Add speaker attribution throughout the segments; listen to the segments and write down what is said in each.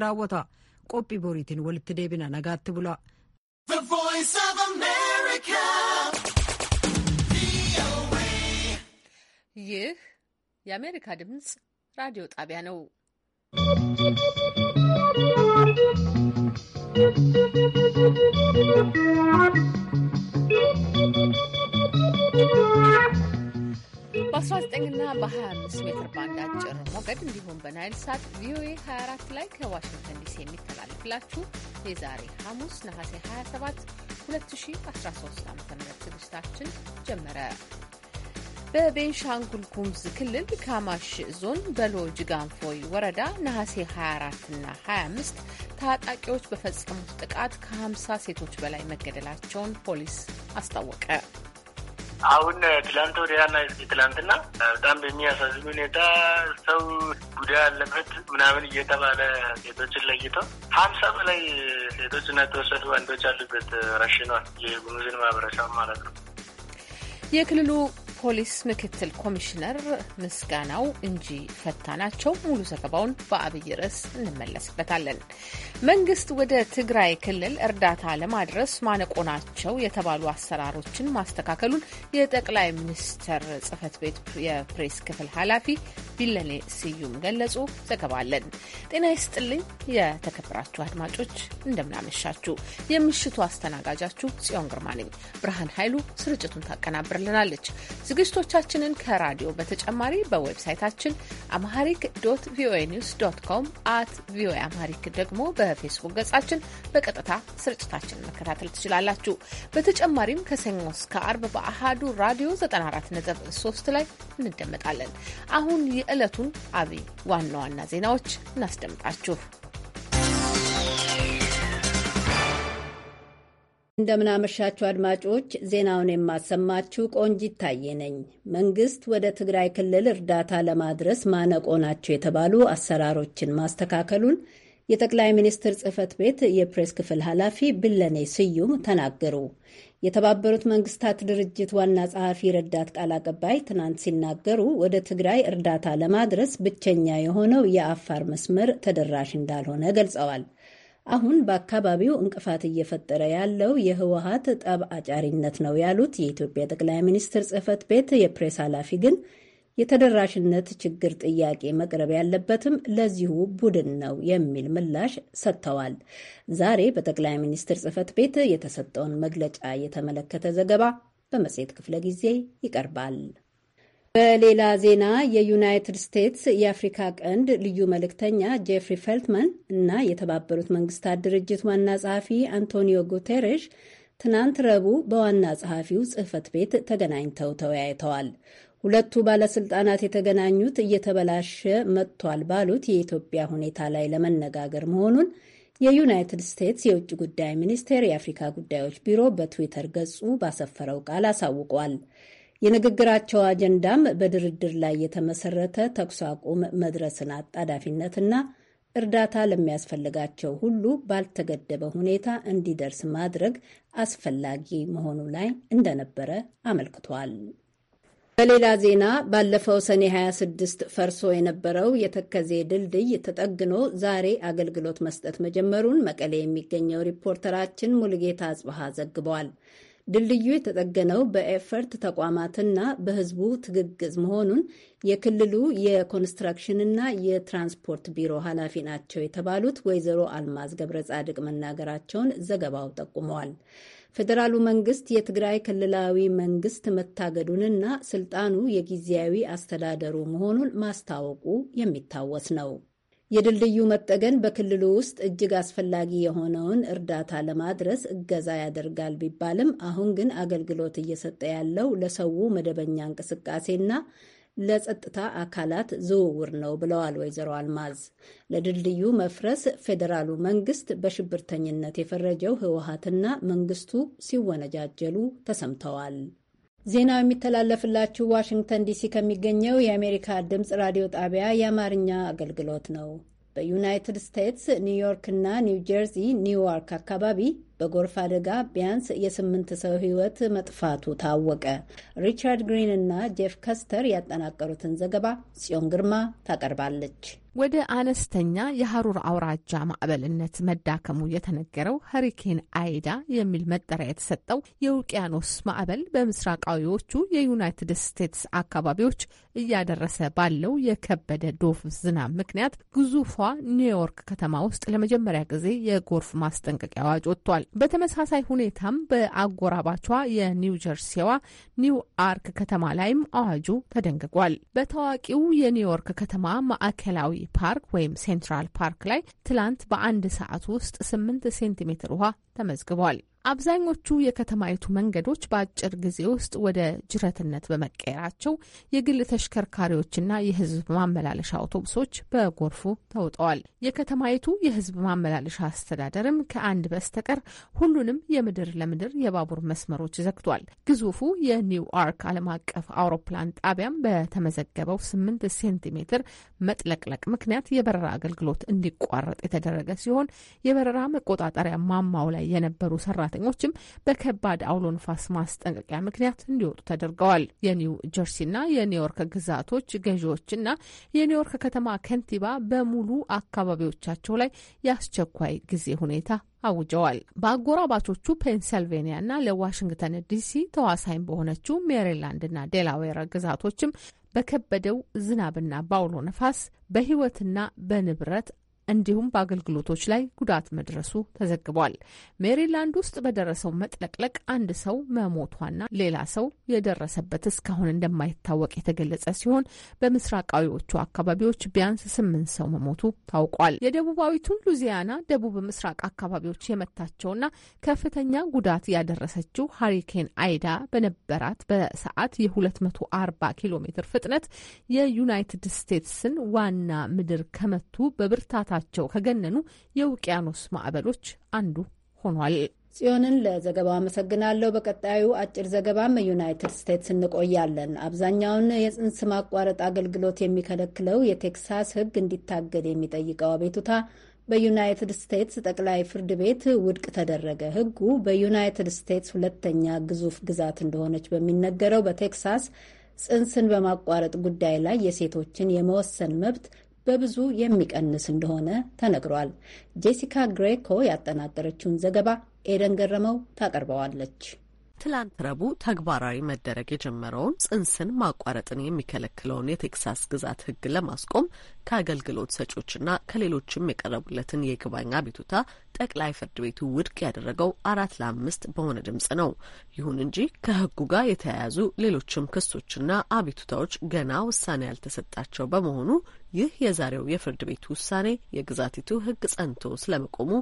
Speaker 1: raawwata qophii boriitiin walitti deebina nagaatti bula.
Speaker 2: ይህ
Speaker 3: የአሜሪካ ድምፅ ራዲዮ ጣቢያ ነው። ¶¶ በ19ና በ25 ሜትር ባንድ አጭር ሞገድ እንዲሁም በናይል ሳት ቪኦኤ 24 ላይ ከዋሽንግተን ዲሲ የሚተላለፍላችሁ የዛሬ ሐሙስ ነሐሴ 27 2013 ዓ ም ዝግጅታችን ጀመረ። በቤንሻንጉል ጉሙዝ ክልል ካማሽ ዞን በሎ ጅጋንፎይ ወረዳ ነሐሴ 24ና 25 ታጣቂዎች በፈጸሙት ጥቃት ከ50 ሴቶች በላይ መገደላቸውን ፖሊስ አስታወቀ።
Speaker 4: አሁን ትላንት ወዲያና ትላንትና በጣም በሚያሳዝን ሁኔታ ሰው ጉዳይ ያለበት ምናምን እየተባለ ሴቶችን ለይተው ሀምሳ በላይ ሴቶችና የተወሰዱ ወንዶች አሉበት ረሽኗል። የጉሙዝን ማህበረሰብ ማለት ነው
Speaker 3: የክልሉ ፖሊስ ምክትል ኮሚሽነር ምስጋናው እንጂ ፈታ ናቸው። ሙሉ ዘገባውን በአብይ ርዕስ እንመለስበታለን። መንግስት ወደ ትግራይ ክልል እርዳታ ለማድረስ ማነቆ ናቸው የተባሉ አሰራሮችን ማስተካከሉን የጠቅላይ ሚኒስትር ጽህፈት ቤት የፕሬስ ክፍል ኃላፊ ቢለኔ ስዩም ገለጹ። ዘገባ አለን። ጤና ይስጥልኝ የተከበራችሁ አድማጮች እንደምናመሻችሁ። የምሽቱ አስተናጋጃችሁ ጽዮን ግርማ ነኝ። ብርሃን ኃይሉ ስርጭቱን ታቀናብርልናለች። ዝግጅቶቻችንን ከራዲዮ በተጨማሪ በዌብሳይታችን አምሃሪክ ዶት ቪኦኤ ኒውስ ዶት ኮም አት ቪኦኤ አምሃሪክ ደግሞ በፌስቡክ ገጻችን በቀጥታ ስርጭታችንን መከታተል ትችላላችሁ። በተጨማሪም ከሰኞ እስከ አርብ በአሃዱ ራዲዮ 94.3 ላይ እንደመጣለን። አሁን የዕለቱን አብይ ዋና ዋና ዜናዎች እናስደምጣችሁ።
Speaker 5: እንደምናመሻችሁ አድማጮች፣ ዜናውን የማሰማችሁ ቆንጂት ታየ ነኝ። መንግስት ወደ ትግራይ ክልል እርዳታ ለማድረስ ማነቆ ናቸው የተባሉ አሰራሮችን ማስተካከሉን የጠቅላይ ሚኒስትር ጽህፈት ቤት የፕሬስ ክፍል ኃላፊ ብለኔ ስዩም ተናገሩ። የተባበሩት መንግስታት ድርጅት ዋና ጸሐፊ ረዳት ቃል አቀባይ ትናንት ሲናገሩ ወደ ትግራይ እርዳታ ለማድረስ ብቸኛ የሆነው የአፋር መስመር ተደራሽ እንዳልሆነ ገልጸዋል። አሁን በአካባቢው እንቅፋት እየፈጠረ ያለው የህወሀት ጠብ አጫሪነት ነው ያሉት የኢትዮጵያ ጠቅላይ ሚኒስትር ጽህፈት ቤት የፕሬስ ኃላፊ ግን የተደራሽነት ችግር ጥያቄ መቅረብ ያለበትም ለዚሁ ቡድን ነው የሚል ምላሽ ሰጥተዋል። ዛሬ በጠቅላይ ሚኒስትር ጽህፈት ቤት የተሰጠውን መግለጫ የተመለከተ ዘገባ በመጽሔት ክፍለ ጊዜ ይቀርባል። በሌላ ዜና የዩናይትድ ስቴትስ የአፍሪካ ቀንድ ልዩ መልእክተኛ ጄፍሪ ፌልትመን እና የተባበሩት መንግስታት ድርጅት ዋና ጸሐፊ አንቶኒዮ ጉቴሬሽ ትናንት ረቡዕ በዋና ጸሐፊው ጽህፈት ቤት ተገናኝተው ተወያይተዋል። ሁለቱ ባለስልጣናት የተገናኙት እየተበላሸ መጥቷል ባሉት የኢትዮጵያ ሁኔታ ላይ ለመነጋገር መሆኑን የዩናይትድ ስቴትስ የውጭ ጉዳይ ሚኒስቴር የአፍሪካ ጉዳዮች ቢሮ በትዊተር ገጹ ባሰፈረው ቃል አሳውቋል። የንግግራቸው አጀንዳም በድርድር ላይ የተመሰረተ ተኩስ አቁም መድረስን አጣዳፊነትና እርዳታ ለሚያስፈልጋቸው ሁሉ ባልተገደበ ሁኔታ እንዲደርስ ማድረግ አስፈላጊ መሆኑ ላይ እንደነበረ አመልክቷል። በሌላ ዜና ባለፈው ሰኔ 26 ፈርሶ የነበረው የተከዜ ድልድይ ተጠግኖ ዛሬ አገልግሎት መስጠት መጀመሩን መቀሌ የሚገኘው ሪፖርተራችን ሙልጌታ አጽበሃ ዘግቧል። ድልድዩ የተጠገነው በኤፈርት ተቋማትና በህዝቡ ትግግዝ መሆኑን የክልሉ የኮንስትራክሽንና የትራንስፖርት ቢሮ ኃላፊ ናቸው የተባሉት ወይዘሮ አልማዝ ገብረ ጻድቅ መናገራቸውን ዘገባው ጠቁመዋል። ፌዴራሉ መንግስት የትግራይ ክልላዊ መንግስት መታገዱንና ስልጣኑ የጊዜያዊ አስተዳደሩ መሆኑን ማስታወቁ የሚታወስ ነው። የድልድዩ መጠገን በክልሉ ውስጥ እጅግ አስፈላጊ የሆነውን እርዳታ ለማድረስ እገዛ ያደርጋል ቢባልም አሁን ግን አገልግሎት እየሰጠ ያለው ለሰው መደበኛ እንቅስቃሴና ለጸጥታ አካላት ዝውውር ነው ብለዋል ወይዘሮ አልማዝ። ለድልድዩ መፍረስ ፌዴራሉ መንግስት በሽብርተኝነት የፈረጀው ህወሀትና መንግስቱ ሲወነጃጀሉ ተሰምተዋል። ዜናው የሚተላለፍላችሁ ዋሽንግተን ዲሲ ከሚገኘው የአሜሪካ ድምፅ ራዲዮ ጣቢያ የአማርኛ አገልግሎት ነው። በዩናይትድ ስቴትስ ኒውዮርክና ኒው ጀርዚ ኒውዋርክ አካባቢ በጎርፍ አደጋ ቢያንስ የስምንት ሰው ሕይወት መጥፋቱ ታወቀ። ሪቻርድ ግሪን እና ጄፍ ከስተር ያጠናቀሩትን ዘገባ ጽዮን ግርማ ታቀርባለች። ወደ
Speaker 3: አነስተኛ የሀሩር አውራጃ ማዕበልነት መዳከሙ የተነገረው ሀሪኬን አይዳ የሚል መጠሪያ የተሰጠው የውቅያኖስ ማዕበል በምስራቃዊዎቹ የዩናይትድ ስቴትስ አካባቢዎች እያደረሰ ባለው የከበደ ዶፍ ዝናብ ምክንያት ግዙፏ ኒውዮርክ ከተማ ውስጥ ለመጀመሪያ ጊዜ የጎርፍ ማስጠንቀቂያ አዋጅ ወጥቷል። በተመሳሳይ ሁኔታም በአጎራባቿ የኒው ጀርሲዋ ኒው አርክ ከተማ ላይም አዋጁ ተደንግጓል። በታዋቂው የኒውዮርክ ከተማ ማዕከላዊ ፓርክ ወይም ሴንትራል ፓርክ ላይ ትላንት በአንድ ሰዓት ውስጥ ስምንት ሴንቲሜትር ውሃ ተመዝግቧል። አብዛኞቹ የከተማይቱ መንገዶች በአጭር ጊዜ ውስጥ ወደ ጅረትነት በመቀየራቸው የግል ተሽከርካሪዎችና የሕዝብ ማመላለሻ አውቶቡሶች በጎርፉ ተውጠዋል። የከተማይቱ የሕዝብ ማመላለሻ አስተዳደርም ከአንድ በስተቀር ሁሉንም የምድር ለምድር የባቡር መስመሮች ዘግቷል። ግዙፉ የኒውአርክ ዓለም አቀፍ አውሮፕላን ጣቢያም በተመዘገበው ስምንት ሴንቲሜትር መጥለቅለቅ ምክንያት የበረራ አገልግሎት እንዲቋረጥ የተደረገ ሲሆን የበረራ መቆጣጠሪያ ማማው ላይ የነበሩ ሰራ ሰራተኞችም በከባድ አውሎ ንፋስ ማስጠንቀቂያ ምክንያት እንዲወጡ ተደርገዋል። የኒው ጀርሲና የኒውዮርክ ግዛቶች ገዢዎችና የኒውዮርክ ከተማ ከንቲባ በሙሉ አካባቢዎቻቸው ላይ የአስቸኳይ ጊዜ ሁኔታ አውጀዋል። በአጎራባቾቹ ፔንሰልቬኒያና ለዋሽንግተን ዲሲ ተዋሳኝ በሆነችው ሜሪላንድና ዴላዌር ግዛቶችም በከበደው ዝናብና በአውሎ ነፋስ በሕይወትና በንብረት እንዲሁም በአገልግሎቶች ላይ ጉዳት መድረሱ ተዘግቧል። ሜሪላንድ ውስጥ በደረሰው መጥለቅለቅ አንድ ሰው መሞቷና ሌላ ሰው የደረሰበት እስካሁን እንደማይታወቅ የተገለጸ ሲሆን በምስራቃዊዎቹ አካባቢዎች ቢያንስ ስምንት ሰው መሞቱ ታውቋል። የደቡባዊቱን ሉዚያና ደቡብ ምስራቅ አካባቢዎች የመታቸውና ከፍተኛ ጉዳት ያደረሰችው ሃሪኬን አይዳ በነበራት በሰዓት የ240 ኪሎ ሜትር ፍጥነት የዩናይትድ ስቴትስን ዋና ምድር ከመቱ በብርታታ በውሃቸው ከገነኑ
Speaker 5: የውቅያኖስ ማዕበሎች አንዱ ሆኗል። ጽዮንን ለዘገባው አመሰግናለሁ። በቀጣዩ አጭር ዘገባም ዩናይትድ ስቴትስ እንቆያለን። አብዛኛውን የጽንስ ማቋረጥ አገልግሎት የሚከለክለው የቴክሳስ ሕግ እንዲታገድ የሚጠይቀው አቤቱታ በዩናይትድ ስቴትስ ጠቅላይ ፍርድ ቤት ውድቅ ተደረገ። ሕጉ በዩናይትድ ስቴትስ ሁለተኛ ግዙፍ ግዛት እንደሆነች በሚነገረው በቴክሳስ ጽንስን በማቋረጥ ጉዳይ ላይ የሴቶችን የመወሰን መብት በብዙ የሚቀንስ እንደሆነ ተነግሯል። ጄሲካ ግሬኮ ያጠናቀረችውን ዘገባ ኤደን ገረመው ታቀርበዋለች።
Speaker 6: ትላንት ረቡዕ ተግባራዊ መደረግ የጀመረውን ጽንስን ማቋረጥን የሚከለክለውን የቴክሳስ ግዛት ሕግ ለማስቆም ከአገልግሎት ሰጮችና ከሌሎችም የቀረቡለትን የይግባኝ አቤቱታ ጠቅላይ ፍርድ ቤቱ ውድቅ ያደረገው አራት ለአምስት በሆነ ድምጽ ነው። ይሁን እንጂ ከህጉ ጋር የተያያዙ ሌሎችም ክሶችና አቤቱታዎች ገና ውሳኔ ያልተሰጣቸው በመሆኑ ይህ የዛሬው የፍርድ ቤት ውሳኔ የግዛቲቱ ሕግ ጸንቶ ስለመቆሙ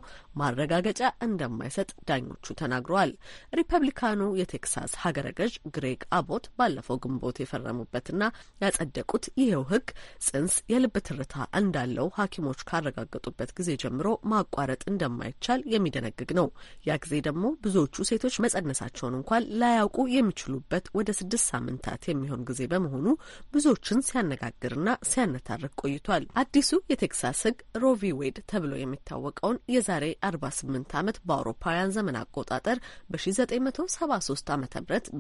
Speaker 6: ማረጋገጫ እንደማይሰጥ ዳኞቹ ተናግረዋል። ሪፐብሊካኑ የቴክሳስ ሀገረ ገዥ ግሬግ አቦት ባለፈው ግንቦት የፈረሙበትና ያጸደቁት ይሄው ሕግ ጽንስ የልብ ትርታ እንዳለው ሐኪሞች ካረጋገጡበት ጊዜ ጀምሮ ማቋረጥ እንደማይቻል የሚደነግግ ነው። ያ ጊዜ ደግሞ ብዙዎቹ ሴቶች መጸነሳቸውን እንኳን ላያውቁ የሚችሉበት ወደ ስድስት ሳምንታት የሚሆን ጊዜ በመሆኑ ብዙዎችን ሲያነጋግርና ሲያነታርክ ቆይቷል። አዲሱ የቴክሳስ ሕግ ሮቪ ዌድ ተብሎ የሚታወቀውን የዛሬ 48 ዓመት በአውሮፓውያን ዘመን አቆጣጠር በ1973 ዓ ም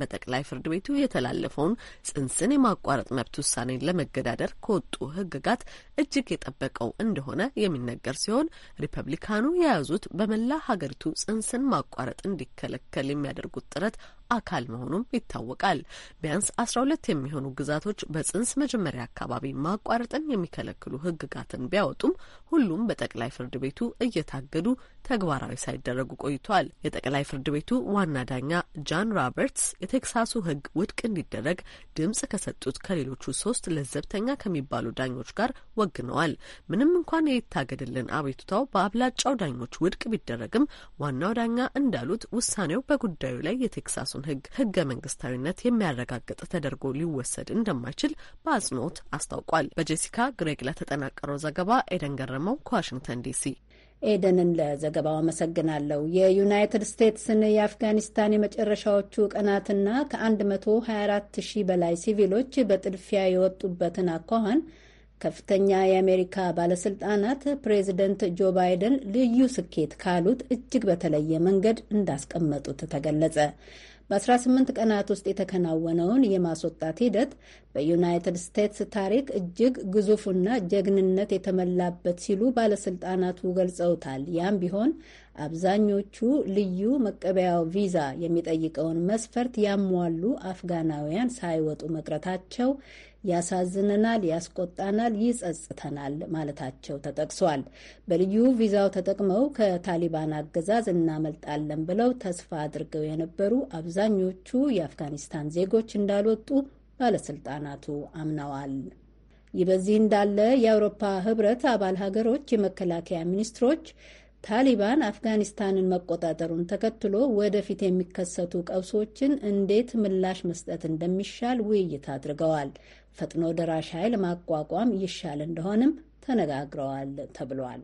Speaker 6: በጠቅላይ ፍርድ ቤቱ የተላለፈውን ጽንስን የማቋረጥ መብት ውሳኔን ለመገዳደር ከወጡ ሕግጋት እጅግ የጠበቀው እንደሆነ የሚነገር ሲሆን ሪፐብሊካኑ የያዙት በመላ ሀገሪቱ ጽንስን ማቋረጥ እንዲከለከል የሚያደርጉት ጥረት አካል መሆኑም ይታወቃል። ቢያንስ አስራ ሁለት የሚሆኑ ግዛቶች በጽንስ መጀመሪያ አካባቢ ማቋረጥን የሚከለክሉ ህግጋትን ቢያወጡም ሁሉም በጠቅላይ ፍርድ ቤቱ እየታገዱ ተግባራዊ ሳይደረጉ ቆይቷል። የጠቅላይ ፍርድ ቤቱ ዋና ዳኛ ጃን ሮበርትስ የቴክሳሱ ሕግ ውድቅ እንዲደረግ ድምጽ ከሰጡት ከሌሎቹ ሶስት ለዘብተኛ ከሚባሉ ዳኞች ጋር ወግነዋል። ምንም እንኳን የይታገድልን አቤቱታው በአብላጫው ዳኞች ውድቅ ቢደረግም ዋናው ዳኛ እንዳሉት ውሳኔው በጉዳዩ ላይ የቴክሳሱን ሕግ ሕገ መንግስታዊነት የሚያረጋግጥ ተደርጎ ሊወሰድ እንደማይችል በአጽንኦት አስታውቋል። በጄሲካ ግሬግ ለተጠናቀረው ዘገባ ኤደን ገረመው ከዋሽንግተን ዲሲ
Speaker 5: ኤደንን ለዘገባው አመሰግናለሁ። የዩናይትድ ስቴትስን የአፍጋኒስታን የመጨረሻዎቹ ቀናትና ከ124 ሺህ በላይ ሲቪሎች በጥድፊያ የወጡበትን አኳኋን ከፍተኛ የአሜሪካ ባለስልጣናት ፕሬዚደንት ጆ ባይደን ልዩ ስኬት ካሉት እጅግ በተለየ መንገድ እንዳስቀመጡት ተገለጸ። በ18 ቀናት ውስጥ የተከናወነውን የማስወጣት ሂደት በዩናይትድ ስቴትስ ታሪክ እጅግ ግዙፉና ጀግንነት የተመላበት ሲሉ ባለስልጣናቱ ገልጸውታል። ያም ቢሆን አብዛኞቹ ልዩ መቀበያው ቪዛ የሚጠይቀውን መስፈርት ያሟሉ አፍጋናውያን ሳይወጡ መቅረታቸው ያሳዝነናል፣ ያስቆጣናል፣ ይጸጽተናል ማለታቸው ተጠቅሷል። በልዩ ቪዛው ተጠቅመው ከታሊባን አገዛዝ እናመልጣለን ብለው ተስፋ አድርገው የነበሩ አብዛኞቹ የአፍጋኒስታን ዜጎች እንዳልወጡ ባለስልጣናቱ አምነዋል። ይህ በዚህ እንዳለ የአውሮፓ ህብረት አባል ሀገሮች የመከላከያ ሚኒስትሮች ታሊባን አፍጋኒስታንን መቆጣጠሩን ተከትሎ ወደፊት የሚከሰቱ ቀውሶችን እንዴት ምላሽ መስጠት እንደሚሻል ውይይት አድርገዋል። ፈጥኖ ደራሽ ኃይል ማቋቋም ይሻል እንደሆነም ተነጋግረዋል ተብሏል።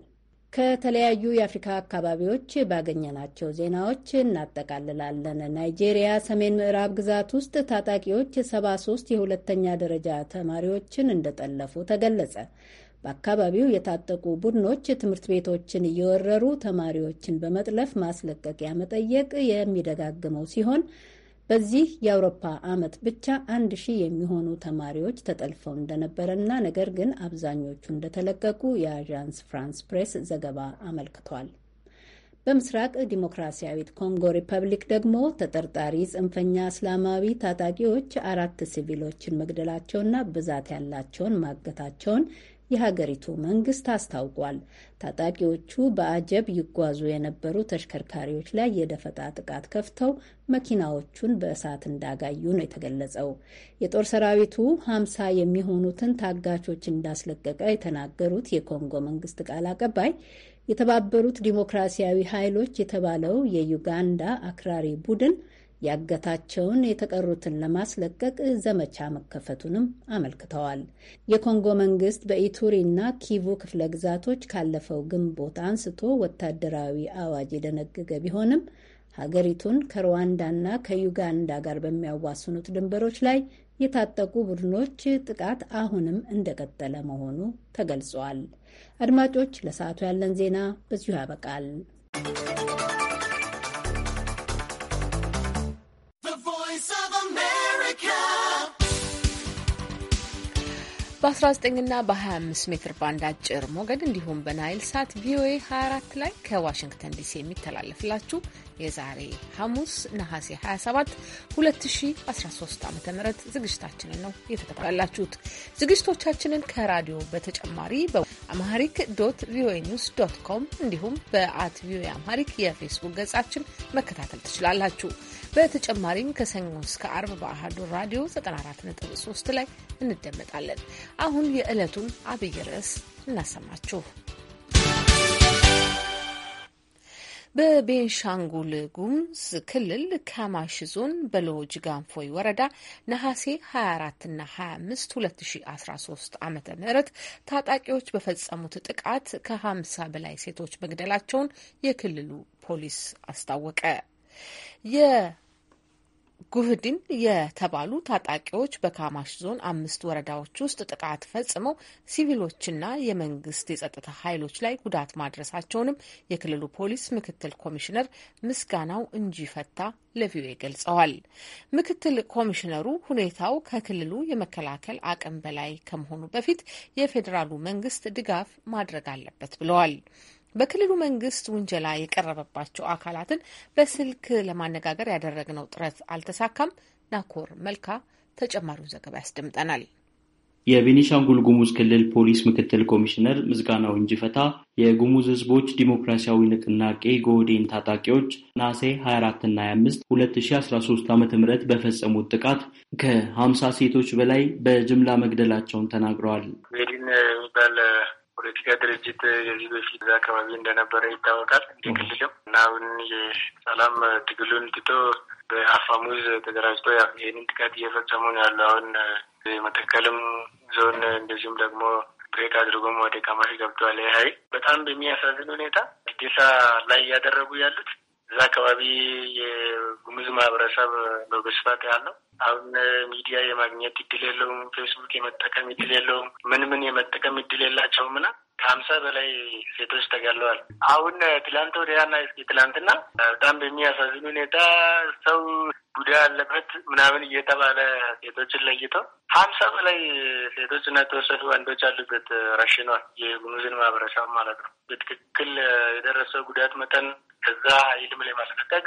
Speaker 5: ከተለያዩ የአፍሪካ አካባቢዎች ባገኘናቸው ዜናዎች እናጠቃልላለን። ናይጄሪያ ሰሜን ምዕራብ ግዛት ውስጥ ታጣቂዎች 73 የሁለተኛ ደረጃ ተማሪዎችን እንደጠለፉ ተገለጸ። በአካባቢው የታጠቁ ቡድኖች ትምህርት ቤቶችን እየወረሩ ተማሪዎችን በመጥለፍ ማስለቀቂያ መጠየቅ የሚደጋግመው ሲሆን በዚህ የአውሮፓ ዓመት ብቻ አንድ ሺህ የሚሆኑ ተማሪዎች ተጠልፈው እንደነበረና ነገር ግን አብዛኞቹ እንደተለቀቁ የአዣንስ ፍራንስ ፕሬስ ዘገባ አመልክቷል። በምስራቅ ዲሞክራሲያዊት ኮንጎ ሪፐብሊክ ደግሞ ተጠርጣሪ ጽንፈኛ እስላማዊ ታጣቂዎች አራት ሲቪሎችን መግደላቸውና ብዛት ያላቸውን ማገታቸውን የሀገሪቱ መንግስት አስታውቋል። ታጣቂዎቹ በአጀብ ይጓዙ የነበሩ ተሽከርካሪዎች ላይ የደፈጣ ጥቃት ከፍተው መኪናዎቹን በእሳት እንዳጋዩ ነው የተገለጸው። የጦር ሰራዊቱ ሀምሳ የሚሆኑትን ታጋቾች እንዳስለቀቀ የተናገሩት የኮንጎ መንግስት ቃል አቀባይ የተባበሩት ዲሞክራሲያዊ ኃይሎች የተባለው የዩጋንዳ አክራሪ ቡድን ያገታቸውን የተቀሩትን ለማስለቀቅ ዘመቻ መከፈቱንም አመልክተዋል። የኮንጎ መንግስት በኢቱሪ እና ኪቩ ክፍለ ግዛቶች ካለፈው ግንቦት አንስቶ ወታደራዊ አዋጅ የደነገገ ቢሆንም ሀገሪቱን ከሩዋንዳና ከዩጋንዳ ጋር በሚያዋስኑት ድንበሮች ላይ የታጠቁ ቡድኖች ጥቃት አሁንም እንደቀጠለ መሆኑ ተገልጿል። አድማጮች፣ ለሰዓቱ ያለን ዜና በዚሁ ያበቃል።
Speaker 3: በ19 ና በ25 ሜትር ባንድ አጭር ሞገድ እንዲሁም በናይል ሳት ቪኦኤ 24 ላይ ከዋሽንግተን ዲሲ የሚተላለፍላችሁ የዛሬ ሐሙስ ነሐሴ 27 2013 ዓ ም ዝግጅታችንን ነው እየተከታተላችሁት። ዝግጅቶቻችንን ከራዲዮ በተጨማሪ በአማሪክ ዶት ቪኦኤ ኒውስ ዶት ኮም እንዲሁም በአት ቪኦኤ አማሪክ የፌስቡክ ገጻችን መከታተል ትችላላችሁ። በተጨማሪም ከሰኞ እስከ አርብ በአህዱ ራዲዮ 94.3 ላይ እንደመጣለን። አሁን የዕለቱን አብይ ርዕስ እናሰማችሁ። በቤንሻንጉል ጉሙዝ ክልል ካማሽ ዞን በሎጅ ጋንፎይ ወረዳ ነሐሴ 24 ና 25 2013 ዓ ም ታጣቂዎች በፈጸሙት ጥቃት ከ50 በላይ ሴቶች መግደላቸውን የክልሉ ፖሊስ አስታወቀ። ጉህድን የተባሉ ታጣቂዎች በካማሽ ዞን አምስት ወረዳዎች ውስጥ ጥቃት ፈጽመው ሲቪሎችና የመንግስት የጸጥታ ኃይሎች ላይ ጉዳት ማድረሳቸውንም የክልሉ ፖሊስ ምክትል ኮሚሽነር ምስጋናው እንጂፈታ ለቪኦኤ ገልጸዋል። ምክትል ኮሚሽነሩ ሁኔታው ከክልሉ የመከላከል አቅም በላይ ከመሆኑ በፊት የፌዴራሉ መንግስት ድጋፍ ማድረግ አለበት ብለዋል። በክልሉ መንግስት ውንጀላ የቀረበባቸው አካላትን በስልክ ለማነጋገር ያደረግነው ጥረት አልተሳካም። ናኮር መልካ ተጨማሪውን ዘገባ ያስደምጠናል።
Speaker 7: የቤኒሻንጉል ጉሙዝ ክልል ፖሊስ ምክትል ኮሚሽነር ምዝጋናው እንጂፈታ የጉሙዝ ህዝቦች ዲሞክራሲያዊ ንቅናቄ ጎዴን ታጣቂዎች ናሴ 24 እና 25 2013 ዓ ም በፈጸሙት ጥቃት ከ50 ሴቶች በላይ በጅምላ መግደላቸውን ተናግረዋል።
Speaker 8: የፖለቲካ
Speaker 4: ድርጅት የዚህ በፊት አካባቢ እንደነበረ ይታወቃል። እንደ ክልልም እና አሁን የሰላም ትግሉን ትቶ በአፋሙዝ ተደራጅቶ ይህንን ጥቃት እየፈጸሙ ነው ያሉ። አሁን መተከልም ዞን እንደዚሁም ደግሞ ብሬክ አድርጎም ወደ ካማሽ ገብቷል። ይህ በጣም በሚያሳዝን ሁኔታ ግዴታ ላይ እያደረጉ ያሉት እዛ አካባቢ የጉሙዝ ማህበረሰብ ነው በስፋት ያለው። አሁን ሚዲያ የማግኘት እድል የለውም። ፌስቡክ የመጠቀም እድል የለውም። ምን ምን የመጠቀም እድል የላቸውም ና ከሀምሳ በላይ ሴቶች ተገለዋል። አሁን ትላንት ወዲያና እስኪ ትላንትና በጣም በሚያሳዝን ሁኔታ ሰው ጉዳ ያለበት ምናምን እየተባለ ሴቶችን ለይተው ሀምሳ በላይ ሴቶች እና የተወሰዱ ወንዶች አሉበት ረሽኗል። የጉሙዝን ማህበረሰብ ማለት ነው። በትክክል የደረሰው ጉዳት መጠን ከዛ ኃይልም ለማስለቀቅ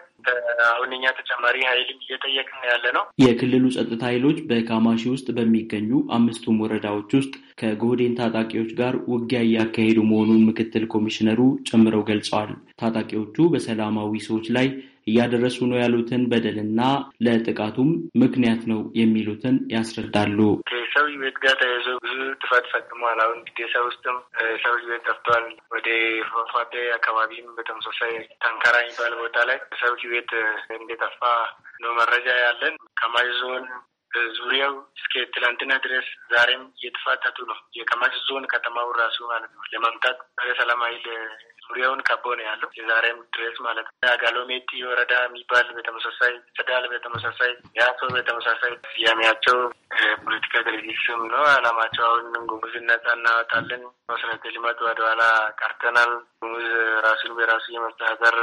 Speaker 4: አሁንኛ ተጨማሪ ኃይልም እየጠየቅ ነው ያለ ነው።
Speaker 7: የክልሉ ጸጥታ ኃይሎች በካማሺ ውስጥ በሚገኙ አምስቱም ወረዳዎች ውስጥ ከጎዴን ታጣቂዎች ጋር ውጊያ እያካሄዱ መሆኑን ምክትል ኮሚሽነሩ ጨምረው ገልጸዋል። ታጣቂዎቹ በሰላማዊ ሰዎች ላይ እያደረሱ ነው ያሉትን በደልና ለጥቃቱም ምክንያት ነው የሚሉትን ያስረዳሉ።
Speaker 4: ከሰው ቤት ጋር ተያይዞ ብዙ ጥፋት ፈጽሟል። አሁን ግዴሳ ውስጥም ሰው ቤት ጠፍቷል። ወደ ፏፏቴ አካባቢም በተመሳሳይ ታንካራ የሚባል ቦታ ላይ ሰው ቤት እንደጠፋ ነው መረጃ ያለን ከማይ ዞን ዙሪያው እስከ ትላንትና ድረስ ዛሬም እየተፋጠጡ ነው። የከማሽ ዞን ከተማው ራሱ ማለት ነው ለመምታት ሰላም ኃይል ዙሪያውን ከቦ ነው ያለው የዛሬም ድረስ ማለት ነው። አጋሎ ወረዳ የሚባል በተመሳሳይ ጸዳል በተመሳሳይ ያሶ በተመሳሳይ ስያሜያቸው ፖለቲካ ድርጅት ስም ነው። አላማቸው አሁን ጉሙዝን ነጻ እናወጣለን፣ መሰረተ ልማት ወደኋላ ቀርተናል ራሱን በራሱ የመታገር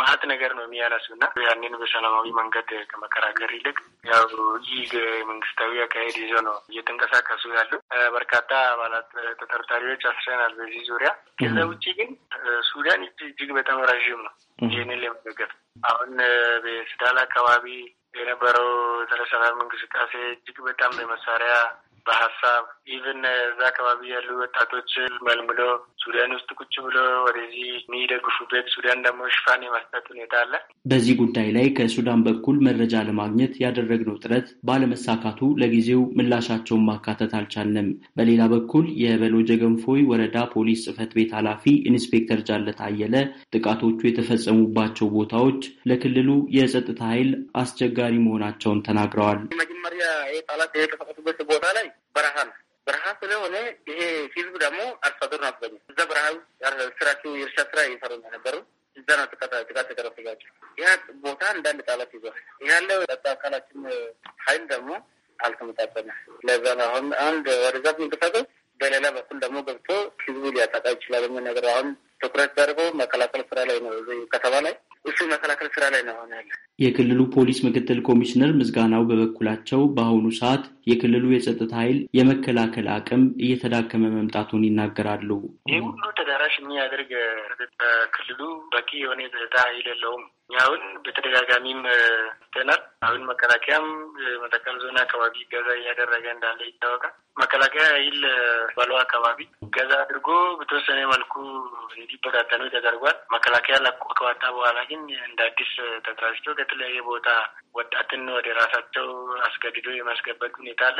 Speaker 4: ማህት ነገር ነው የሚያነሱ እና ያንን በሰላማዊ መንገድ ከመከራከር ይልቅ ያው ይህ መንግስታዊ አካሄድ ይዞ ነው እየተንቀሳቀሱ ያሉ በርካታ አባላት ተጠርጣሪዎች አስረናል። በዚህ ዙሪያ ከዛ ውጭ ግን ሱዳን እጅግ በጣም ረዥም ነው። ይህንን ለመደገፍ አሁን በስዳል አካባቢ የነበረው ጸረ እንቅስቃሴ እጅግ በጣም በመሳሪያ በሀሳብ ኢቨን እዛ አካባቢ ያሉ ወጣቶች መልምሎ ሱዳን ውስጥ ቁጭ ብሎ ወደዚህ የሚደግፉበት ሱዳን ደግሞ ሽፋን የመስጠት ሁኔታ አለ።
Speaker 7: በዚህ ጉዳይ ላይ ከሱዳን በኩል መረጃ ለማግኘት ያደረግነው ጥረት ባለመሳካቱ ለጊዜው ምላሻቸውን ማካተት አልቻለም። በሌላ በኩል የበሎ ጀገንፎይ ወረዳ ፖሊስ ጽህፈት ቤት ኃላፊ ኢንስፔክተር ጃለት አየለ ጥቃቶቹ የተፈጸሙባቸው ቦታዎች ለክልሉ የጸጥታ ኃይል አስቸጋሪ መሆናቸውን ተናግረዋል።
Speaker 4: መጀመሪያ የጣላት የተፈቀዱበት ቦታ ላይ በረሃ ነው። በረሃ ስለሆነ ይሄ ህዝብ ደግሞ አርሶ አደር ነው አብዛኛው። እዛ በረሃ ስራቸው የእርሻ ስራ እየሰሩ ነበሩ። እዛ ነው ጥቃት የደረሰባቸው። ያ ቦታ እንዳንድ ጣላት ይዟል ያለው ጠጣ አካላችን ሀይል ደግሞ አልተመጣጠነ። ለዛ ነው አሁን አንድ ወደዛ የሚንቀሳቀስ በሌላ በኩል ደግሞ ገብቶ ህዝቡ ሊያጠቃ ይችላል የሚል ነገር አሁን ትኩረት ደርጎ መከላከል ስራ ላይ ነው ከተማ ላይ እሱ መከላከል ስራ ላይ ነው ያለ።
Speaker 7: የክልሉ ፖሊስ ምክትል ኮሚሽነር ምዝጋናው በበኩላቸው በአሁኑ ሰዓት የክልሉ የጸጥታ ኃይል የመከላከል አቅም እየተዳከመ መምጣቱን ይናገራሉ።
Speaker 9: ይህ
Speaker 4: ሁሉ ተዳራሽ የሚያደርግ ክልሉ በቂ የሆነ የጸጥታ ኃይል የለውም። አሁን በተደጋጋሚም ተናል አሁን መከላከያም መተከል ዞን አካባቢ ገዛ እያደረገ እንዳለ ይታወቃል። መከላከያ ይል ባለው አካባቢ ገዛ አድርጎ በተወሰነ መልኩ እንዲበታተኑ ተደርጓል። መከላከያ ለቆ ከወጣ በኋላ ግን እንደ አዲስ ተደራጅቶ ከተለያየ ቦታ ወጣትን ወደ ራሳቸው አስገድዶ የማስገበድ ሁኔታ አለ።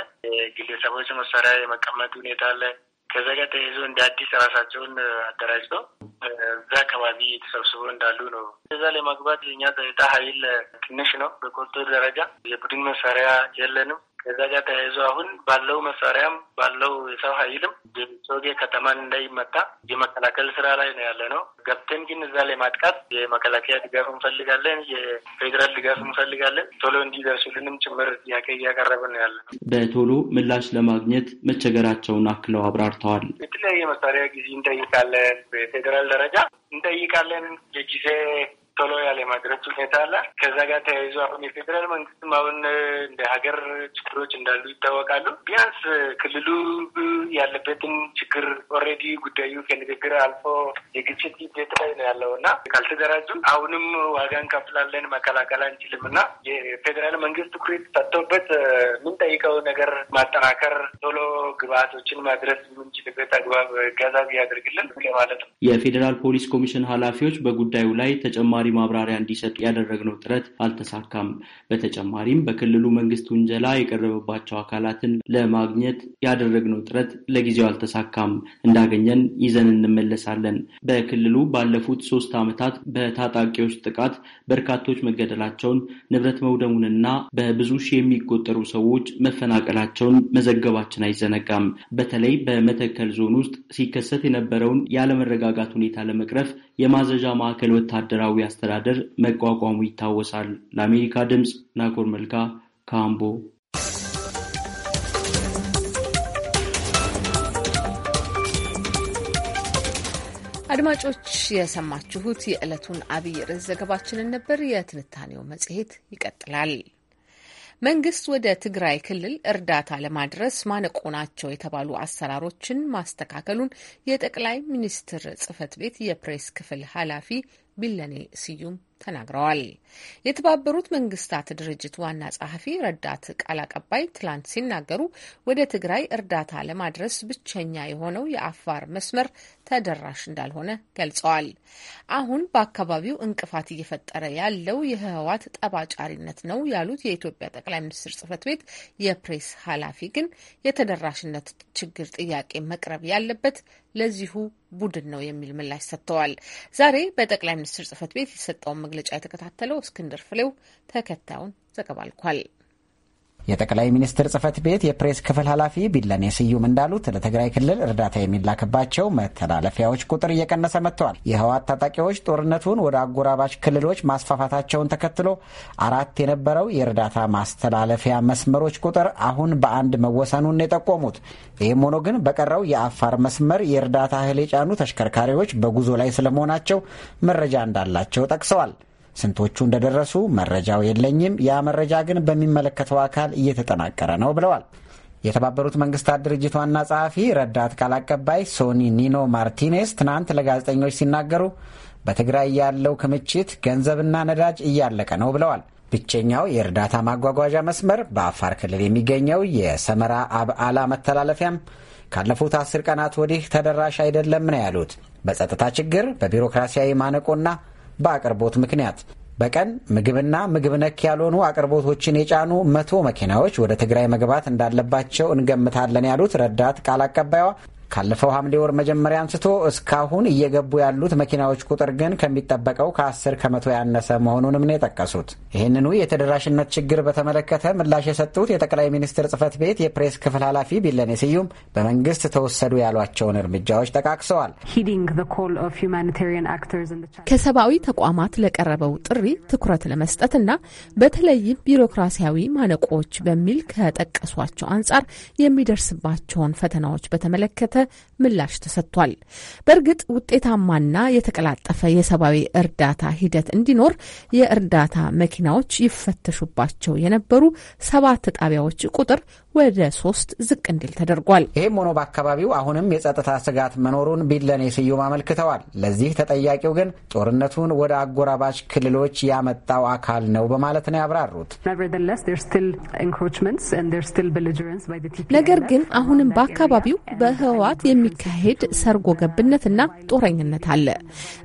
Speaker 4: ግለሰቦች መሳሪያ የመቀመጥ ሁኔታ አለ። ከዛ ጋር ተያይዞ እንደ አዲስ ራሳቸውን አደራጅተው እዛ አካባቢ የተሰብስበ እንዳሉ ነው። እዛ ማግባት የኛ ጣ ሀይል ትንሽ ነው። በቆርጦ ደረጃ የቡድን መሳሪያ የለንም። ከዛ ጋር ተያይዞ አሁን ባለው መሳሪያም ባለው የሰው ኃይልም ሶጌ ከተማን እንዳይመታ የመከላከል ስራ ላይ ነው ያለ ነው። ገብተን ግን እዛ ላይ ማጥቃት የመከላከያ ድጋፍ እንፈልጋለን፣ የፌዴራል ድጋፍ እንፈልጋለን። ቶሎ እንዲደርሱልንም ጭምር ጥያቄ እያቀረብን ነው ያለ
Speaker 7: ነው። በቶሎ ምላሽ ለማግኘት መቸገራቸውን አክለው አብራርተዋል።
Speaker 4: የተለያየ መሳሪያ ጊዜ እንጠይቃለን፣ በፌዴራል ደረጃ እንጠይቃለን የጊዜ ቶሎ ያለ ማድረግ ሁኔታ አለ። ከዛ ጋር ተያይዞ አሁን የፌዴራል መንግስትም አሁን እንደ ሀገር ችግሮች እንዳሉ ይታወቃሉ። ቢያንስ ክልሉ ያለበትን ችግር ኦልሬዲ ጉዳዩ ከንግግር አልፎ የግጭት ሂደት ላይ ነው ያለው እና ካልተደራጁ አሁንም ዋጋ እንከፍላለን መከላከል አንችልም እና የፌዴራል መንግስት ትኩረት ሰጥቶበት የምንጠይቀው ነገር ማጠናከር ቶሎ ግብአቶችን ማድረስ የምንችልበት አግባብ ገዛ ቢያደርግልን ማለት ነው።
Speaker 7: የፌዴራል ፖሊስ ኮሚሽን ኃላፊዎች በጉዳዩ ላይ ተጨማሪ ማብራሪያ እንዲሰጡ ያደረግነው ጥረት አልተሳካም። በተጨማሪም በክልሉ መንግስት ውንጀላ የቀረበባቸው አካላትን ለማግኘት ያደረግነው ጥረት ለጊዜው አልተሳካም። እንዳገኘን ይዘን እንመለሳለን። በክልሉ ባለፉት ሶስት ዓመታት በታጣቂዎች ጥቃት በርካቶች መገደላቸውን፣ ንብረት መውደሙንና በብዙ ሺህ የሚቆጠሩ ሰዎች መፈናቀላቸውን መዘገባችን አይዘነጋም። በተለይ በመተከል ዞን ውስጥ ሲከሰት የነበረውን ያለመረጋጋት ሁኔታ ለመቅረፍ የማዘዣ ማዕከል ወታደራዊ አስ አስተዳደር መቋቋሙ ይታወሳል። ለአሜሪካ ድምፅ ናኮር መልካ ካምቦ
Speaker 3: አድማጮች የሰማችሁት የዕለቱን አብይ ርዕስ ዘገባችንን ነበር። የትንታኔው መጽሔት ይቀጥላል። መንግስት ወደ ትግራይ ክልል እርዳታ ለማድረስ ማነቆ ናቸው የተባሉ አሰራሮችን ማስተካከሉን የጠቅላይ ሚኒስትር ጽህፈት ቤት የፕሬስ ክፍል ኃላፊ ቢለኔ ስዩም ተናግረዋል። የተባበሩት መንግስታት ድርጅት ዋና ጸሐፊ ረዳት ቃል አቀባይ ትላንት ሲናገሩ ወደ ትግራይ እርዳታ ለማድረስ ብቸኛ የሆነው የአፋር መስመር ተደራሽ እንዳልሆነ ገልጸዋል። አሁን በአካባቢው እንቅፋት እየፈጠረ ያለው የህወሓት ጠባጫሪነት ነው ያሉት የኢትዮጵያ ጠቅላይ ሚኒስትር ጽህፈት ቤት የፕሬስ ኃላፊ ግን የተደራሽነት ችግር ጥያቄ መቅረብ ያለበት ለዚሁ ቡድን ነው የሚል ምላሽ ሰጥተዋል። ዛሬ በጠቅላይ ሚኒስትር ጽህፈት ቤት የተሰጠውን መግለጫ የተከታተለው እስክንድር ፍሌው ተከታዩን ዘገባ
Speaker 8: የጠቅላይ ሚኒስትር ጽህፈት ቤት የፕሬስ ክፍል ኃላፊ ቢለኔ ስዩም እንዳሉት ለትግራይ ክልል እርዳታ የሚላክባቸው መተላለፊያዎች ቁጥር እየቀነሰ መጥተዋል። የህወሓት ታጣቂዎች ጦርነቱን ወደ አጎራባች ክልሎች ማስፋፋታቸውን ተከትሎ አራት የነበረው የእርዳታ ማስተላለፊያ መስመሮች ቁጥር አሁን በአንድ መወሰኑን የጠቆሙት፣ ይህም ሆኖ ግን በቀረው የአፋር መስመር የእርዳታ እህል የጫኑ ተሽከርካሪዎች በጉዞ ላይ ስለመሆናቸው መረጃ እንዳላቸው ጠቅሰዋል። ስንቶቹ እንደደረሱ መረጃው የለኝም። ያ መረጃ ግን በሚመለከተው አካል እየተጠናቀረ ነው ብለዋል። የተባበሩት መንግስታት ድርጅት ዋና ጸሐፊ ረዳት ቃል አቀባይ ሶኒ ኒኖ ማርቲኔስ ትናንት ለጋዜጠኞች ሲናገሩ በትግራይ ያለው ክምችት ገንዘብና ነዳጅ እያለቀ ነው ብለዋል። ብቸኛው የእርዳታ ማጓጓዣ መስመር በአፋር ክልል የሚገኘው የሰመራ አብዓላ መተላለፊያም ካለፉት አስር ቀናት ወዲህ ተደራሽ አይደለም ነው ያሉት። በጸጥታ ችግር፣ በቢሮክራሲያዊ ማነቆና በአቅርቦት ምክንያት በቀን ምግብና ምግብ ነክ ያልሆኑ አቅርቦቶችን የጫኑ መቶ መኪናዎች ወደ ትግራይ መግባት እንዳለባቸው እንገምታለን ያሉት ረዳት ቃል አቀባይዋ ካለፈው ሐምሌ ወር መጀመሪያ አንስቶ እስካሁን እየገቡ ያሉት መኪናዎች ቁጥር ግን ከሚጠበቀው ከ10 ከመቶ ያነሰ መሆኑንም ነው የጠቀሱት። ይህንኑ የተደራሽነት ችግር በተመለከተ ምላሽ የሰጡት የጠቅላይ ሚኒስትር ጽህፈት ቤት የፕሬስ ክፍል ኃላፊ ቢለኔ ስዩም በመንግስት ተወሰዱ ያሏቸውን እርምጃዎች ጠቃቅሰዋል።
Speaker 3: ከሰብአዊ ተቋማት ለቀረበው ጥሪ ትኩረት ለመስጠትና በተለይም ቢሮክራሲያዊ ማነቆዎች በሚል ከጠቀሷቸው አንጻር የሚደርስባቸውን ፈተናዎች በተመለከተ ምላሽ ተሰጥቷል። በእርግጥ ውጤታማና የተቀላጠፈ የሰብአዊ እርዳታ ሂደት እንዲኖር የእርዳታ መኪናዎች ይፈተሹባቸው የነበሩ
Speaker 8: ሰባት ጣቢያዎች ቁጥር ወደ ሶስት ዝቅ እንዲል ተደርጓል። ይህም ሆኖ በአካባቢው አሁንም የጸጥታ ስጋት መኖሩን ቢለኔ ስዩም አመልክተዋል። ለዚህ ተጠያቂው ግን ጦርነቱን ወደ አጎራባች ክልሎች ያመጣው አካል ነው በማለት ነው ያብራሩት።
Speaker 3: ነገር ግን አሁንም በአካባቢው በህወሓት የሚካሄድ ሰርጎ ገብነትና ጦረኝነት አለ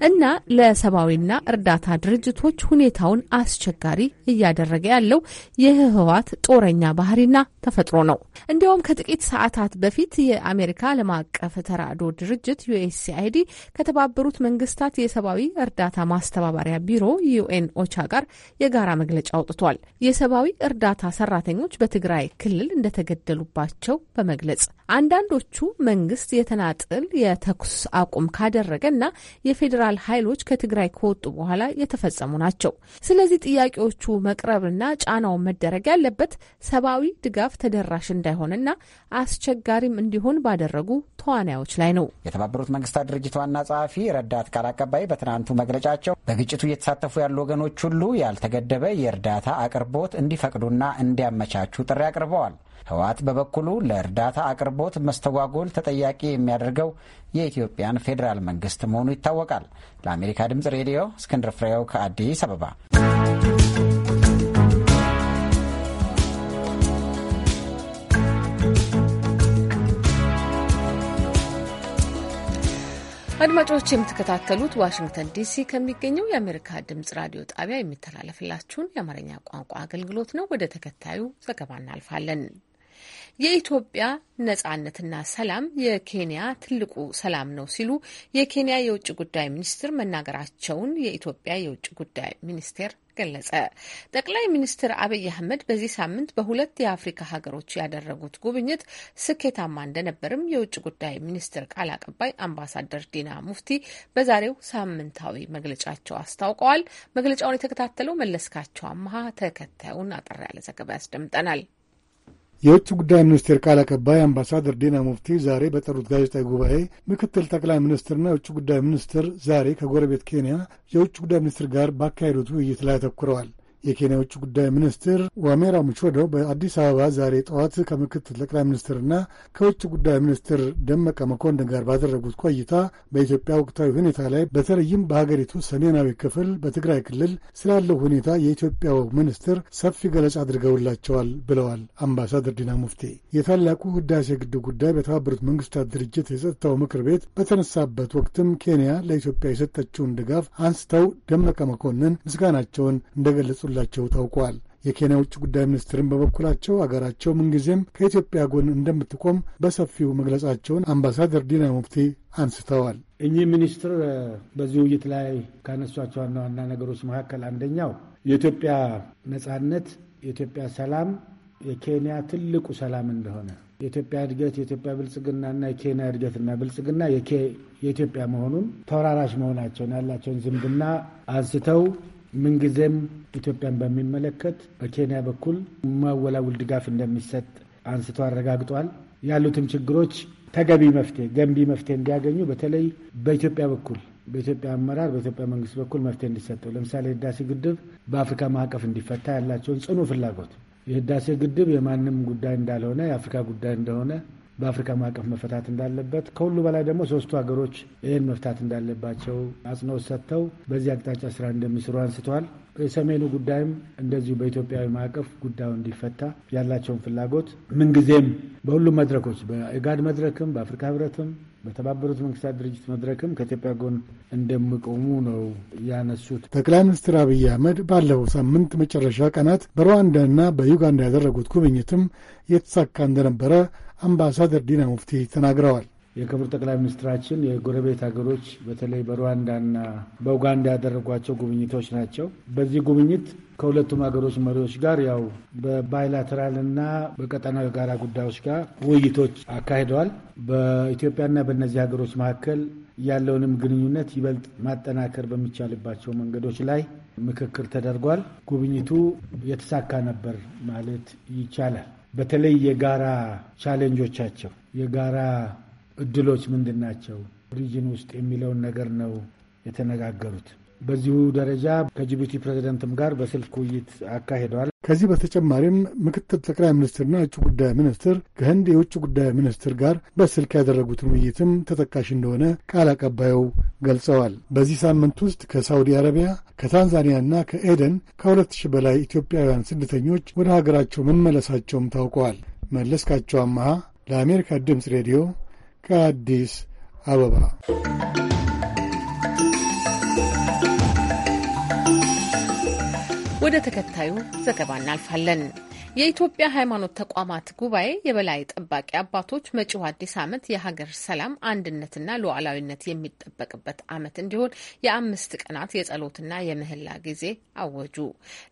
Speaker 3: እና ለሰብአዊና እርዳታ ድርጅቶች ሁኔታውን አስቸጋሪ እያደረገ ያለው የህወሓት ጦረኛ ባህሪና ተፈጥሮ ተፈጥሮ ነው። እንዲያውም ከጥቂት ሰዓታት በፊት የአሜሪካ ዓለም አቀፍ ተራድኦ ድርጅት ዩኤስአይዲ ከተባበሩት መንግስታት የሰብአዊ እርዳታ ማስተባበሪያ ቢሮ ዩኤን ኦቻ ጋር የጋራ መግለጫ አውጥቷል። የሰብአዊ እርዳታ ሰራተኞች በትግራይ ክልል እንደተገደሉባቸው በመግለጽ አንዳንዶቹ መንግስት የተናጥል የተኩስ አቁም ካደረገ እና የፌዴራል ኃይሎች ከትግራይ ከወጡ በኋላ የተፈጸሙ ናቸው። ስለዚህ ጥያቄዎቹ መቅረብና ጫናውን መደረግ ያለበት ሰብአዊ ድጋፍ ተደራሽ እንዳይሆንና አስቸጋሪም እንዲሆን ባደረጉ
Speaker 8: ተዋናዮች ላይ ነው። የተባበሩት መንግስታት ድርጅት ዋና ጸሐፊ ረዳት ቃል አቀባይ በትናንቱ መግለጫቸው በግጭቱ እየተሳተፉ ያሉ ወገኖች ሁሉ ያልተገደበ የእርዳታ አቅርቦት እንዲፈቅዱና እንዲያመቻቹ ጥሪ አቅርበዋል። ህወሓት በበኩሉ ለእርዳታ አቅርቦት መስተጓጎል ተጠያቂ የሚያደርገው የኢትዮጵያን ፌዴራል መንግስት መሆኑ ይታወቃል። ለአሜሪካ ድምጽ ሬዲዮ እስክንድር ፍሬው ከአዲስ አበባ።
Speaker 3: አድማጮች የምትከታተሉት ዋሽንግተን ዲሲ ከሚገኘው የአሜሪካ ድምጽ ራዲዮ ጣቢያ የሚተላለፍላችሁን የአማርኛ ቋንቋ አገልግሎት ነው። ወደ ተከታዩ ዘገባ እናልፋለን። የኢትዮጵያ ነጻነትና ሰላም የኬንያ ትልቁ ሰላም ነው ሲሉ የኬንያ የውጭ ጉዳይ ሚኒስትር መናገራቸውን የኢትዮጵያ የውጭ ጉዳይ ሚኒስቴር ገለጸ። ጠቅላይ ሚኒስትር አብይ አህመድ በዚህ ሳምንት በሁለት የአፍሪካ ሀገሮች ያደረጉት ጉብኝት ስኬታማ እንደነበርም የውጭ ጉዳይ ሚኒስትር ቃል አቀባይ አምባሳደር ዲና ሙፍቲ በዛሬው ሳምንታዊ መግለጫቸው አስታውቀዋል። መግለጫውን የተከታተለው መለስካቸው አመሀ ተከታዩን አጠር ያለ ዘገባ ያስደምጠናል።
Speaker 10: የውጭ ጉዳይ ሚኒስቴር ቃል አቀባይ አምባሳደር ዲና ሙፍቲ ዛሬ በጠሩት ጋዜጣዊ ጉባኤ ምክትል ጠቅላይ ሚኒስትርና የውጭ ጉዳይ ሚኒስትር ዛሬ ከጎረቤት ኬንያ የውጭ ጉዳይ ሚኒስትር ጋር ባካሄዱት ውይይት ላይ አተኩረዋል። የኬንያ ውጭ ጉዳይ ሚኒስትር ዋሜራ ሙቾዶ በአዲስ አበባ ዛሬ ጠዋት ከምክትል ጠቅላይ ሚኒስትርና ከውጭ ጉዳይ ሚኒስትር ደመቀ መኮንን ጋር ባደረጉት ቆይታ በኢትዮጵያ ወቅታዊ ሁኔታ ላይ በተለይም በሀገሪቱ ሰሜናዊ ክፍል በትግራይ ክልል ስላለው ሁኔታ የኢትዮጵያው ሚኒስትር ሰፊ ገለጻ አድርገውላቸዋል ብለዋል። አምባሳደር ዲና ሙፍቲ የታላቁ ህዳሴ ግድብ ጉዳይ በተባበሩት መንግስታት ድርጅት የጸጥታው ምክር ቤት በተነሳበት ወቅትም ኬንያ ለኢትዮጵያ የሰጠችውን ድጋፍ አንስተው ደመቀ መኮንን ምስጋናቸውን እንደገለጹ እንዳላቸው ታውቋል። የኬንያ ውጭ ጉዳይ ሚኒስትርን በበኩላቸው አገራቸው ምንጊዜም ከኢትዮጵያ ጎን እንደምትቆም በሰፊው መግለጻቸውን
Speaker 11: አምባሳደር ዲና ሙፍቲ አንስተዋል። እኚህ ሚኒስትር በዚህ ውይይት ላይ ካነሷቸው ዋና ዋና ነገሮች መካከል አንደኛው የኢትዮጵያ ነጻነት፣ የኢትዮጵያ ሰላም የኬንያ ትልቁ ሰላም እንደሆነ የኢትዮጵያ እድገት የኢትዮጵያ ብልጽግናና የኬንያ እድገትና ብልጽግና የኢትዮጵያ መሆኑን ተወራራሽ መሆናቸውን ያላቸውን ዝምድና አንስተው ምንጊዜም ኢትዮጵያን በሚመለከት በኬንያ በኩል መወላውል ድጋፍ እንደሚሰጥ አንስቶ አረጋግጧል። ያሉትም ችግሮች ተገቢ መፍትሄ፣ ገንቢ መፍትሄ እንዲያገኙ በተለይ በኢትዮጵያ በኩል በኢትዮጵያ አመራር በኢትዮጵያ መንግስት በኩል መፍትሄ እንዲሰጠው ለምሳሌ ህዳሴ ግድብ በአፍሪካ ማዕቀፍ እንዲፈታ ያላቸውን ጽኑ ፍላጎት የህዳሴ ግድብ የማንም ጉዳይ እንዳልሆነ የአፍሪካ ጉዳይ እንደሆነ በአፍሪካ ማዕቀፍ መፈታት እንዳለበት ከሁሉ በላይ ደግሞ ሶስቱ ሀገሮች ይህን መፍታት እንዳለባቸው አጽንኦት ሰጥተው በዚህ አቅጣጫ ስራ እንደሚሰሩ አንስተዋል። የሰሜኑ ጉዳይም እንደዚሁ በኢትዮጵያዊ ማዕቀፍ ጉዳዩ እንዲፈታ ያላቸውን ፍላጎት ምንጊዜም በሁሉም መድረኮች በኢጋድ መድረክም፣ በአፍሪካ ህብረትም፣ በተባበሩት መንግስታት ድርጅት መድረክም ከኢትዮጵያ ጎን እንደሚቆሙ ነው ያነሱት።
Speaker 10: ጠቅላይ ሚኒስትር አብይ አህመድ ባለፈው ሳምንት መጨረሻ ቀናት በሩዋንዳና በዩጋንዳ
Speaker 11: ያደረጉት ጉብኝትም የተሳካ እንደነበረ አምባሳደር ዲና ሙፍቲ ተናግረዋል። የክቡር ጠቅላይ ሚኒስትራችን የጎረቤት ሀገሮች በተለይ በሩዋንዳና በኡጋንዳ ያደረጓቸው ጉብኝቶች ናቸው። በዚህ ጉብኝት ከሁለቱም ሀገሮች መሪዎች ጋር ያው በባይላተራልና በቀጠናዊ ጋራ ጉዳዮች ጋር ውይይቶች አካሂደዋል። በኢትዮጵያና በእነዚህ ሀገሮች መካከል ያለውንም ግንኙነት ይበልጥ ማጠናከር በሚቻልባቸው መንገዶች ላይ ምክክር ተደርጓል። ጉብኝቱ የተሳካ ነበር ማለት ይቻላል። በተለይ የጋራ ቻሌንጆቻቸው የጋራ እድሎች ምንድን ናቸው ሪጅን ውስጥ የሚለውን ነገር ነው የተነጋገሩት። በዚሁ ደረጃ ከጅቡቲ ፕሬዚደንትም ጋር በስልክ ውይይት አካሂደዋል። ከዚህ በተጨማሪም
Speaker 10: ምክትል ጠቅላይ ሚኒስትርና የውጭ ጉዳይ ሚኒስትር ከህንድ የውጭ ጉዳይ ሚኒስትር ጋር በስልክ ያደረጉትን ውይይትም ተጠቃሽ እንደሆነ ቃል አቀባዩ ገልጸዋል። በዚህ ሳምንት ውስጥ ከሳውዲ አረቢያ፣ ከታንዛኒያና ከኤደን ከሁለት ሺህ በላይ ኢትዮጵያውያን ስደተኞች ወደ ሀገራቸው መመለሳቸውም ታውቀዋል። መለስካቸው አመሃ ለአሜሪካ ድምፅ ሬዲዮ ከአዲስ አበባ
Speaker 3: ወደ ተከታዩ ዘገባ እናልፋለን። የኢትዮጵያ ሃይማኖት ተቋማት ጉባኤ የበላይ ጠባቂ አባቶች መጪው አዲስ ዓመት የሀገር ሰላም አንድነትና ሉዓላዊነት የሚጠበቅበት ዓመት እንዲሆን የአምስት ቀናት የጸሎትና የምህላ ጊዜ አወጁ።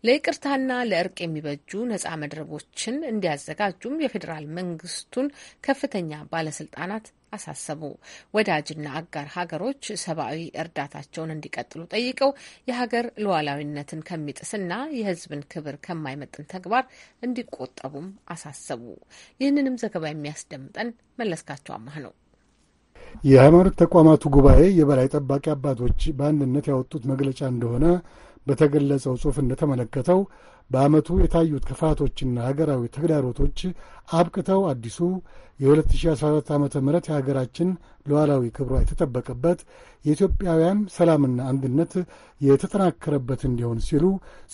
Speaker 3: ለይቅርታና ለእርቅ የሚበጁ ነፃ መድረኮችን እንዲያዘጋጁም የፌዴራል መንግስቱን ከፍተኛ ባለስልጣናት አሳሰቡ። ወዳጅና አጋር ሀገሮች ሰብአዊ እርዳታቸውን እንዲቀጥሉ ጠይቀው የሀገር ሉዓላዊነትን ከሚጥስና የሕዝብን ክብር ከማይመጥን ተግባር እንዲቆጠቡም አሳሰቡ። ይህንንም ዘገባ የሚያስደምጠን መለስካቸው አማህ ነው።
Speaker 10: የሃይማኖት ተቋማቱ ጉባኤ የበላይ ጠባቂ አባቶች በአንድነት ያወጡት መግለጫ እንደሆነ በተገለጸው ጽሑፍ እንደተመለከተው በዓመቱ የታዩት ክፋቶችና ሀገራዊ ተግዳሮቶች አብቅተው አዲሱ የ2014 ዓ ም የሀገራችን ሉዓላዊ ክብሯ የተጠበቀበት የኢትዮጵያውያን ሰላምና አንድነት የተጠናከረበት እንዲሆን ሲሉ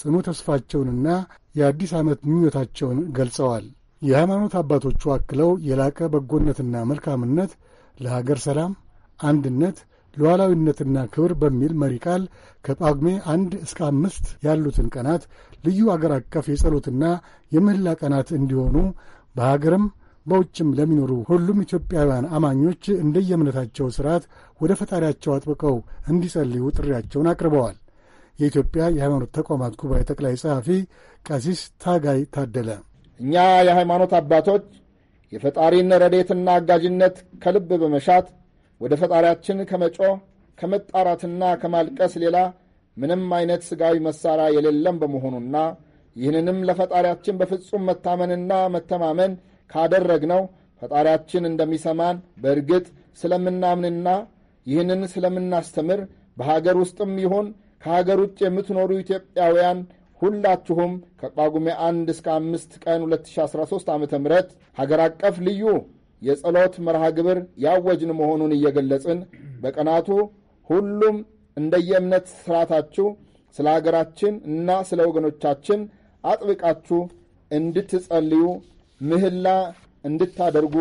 Speaker 10: ጽኑ ተስፋቸውንና የአዲስ ዓመት ምኞታቸውን ገልጸዋል። የሃይማኖት አባቶቹ አክለው የላቀ በጎነትና መልካምነት ለሀገር ሰላም፣ አንድነት፣ ሉዓላዊነትና ክብር በሚል መሪ ቃል ከጳጉሜ አንድ እስከ አምስት ያሉትን ቀናት ልዩ አገር አቀፍ የጸሎትና የምህላ ቀናት እንዲሆኑ በሀገርም በውጭም ለሚኖሩ ሁሉም ኢትዮጵያውያን አማኞች እንደየእምነታቸው ሥርዓት ወደ ፈጣሪያቸው አጥብቀው እንዲጸልዩ ጥሪያቸውን አቅርበዋል። የኢትዮጵያ የሃይማኖት ተቋማት ጉባኤ ጠቅላይ ጸሐፊ ቀሲስ ታጋይ ታደለ
Speaker 12: እኛ የሃይማኖት አባቶች የፈጣሪን ረዴትና አጋዥነት ከልብ በመሻት ወደ ፈጣሪያችን ከመጮ ከመጣራትና ከማልቀስ ሌላ ምንም አይነት ሥጋዊ መሣሪያ የሌለም በመሆኑና ይህንንም ለፈጣሪያችን በፍጹም መታመንና መተማመን ካደረግነው ፈጣሪያችን እንደሚሰማን በእርግጥ ስለምናምንና ይህንን ስለምናስተምር በሀገር ውስጥም ይሁን ከሀገር ውጭ የምትኖሩ ኢትዮጵያውያን ሁላችሁም ከጳጉሜ 1 እስከ 5 ቀን 2013 ዓ ም ሀገር አቀፍ ልዩ የጸሎት መርሃ ግብር ያወጅን መሆኑን እየገለጽን በቀናቱ ሁሉም እንደየእምነት ሥርዓታችሁ ስለ አገራችን እና ስለ ወገኖቻችን አጥብቃችሁ እንድትጸልዩ ምህላ እንድታደርጉ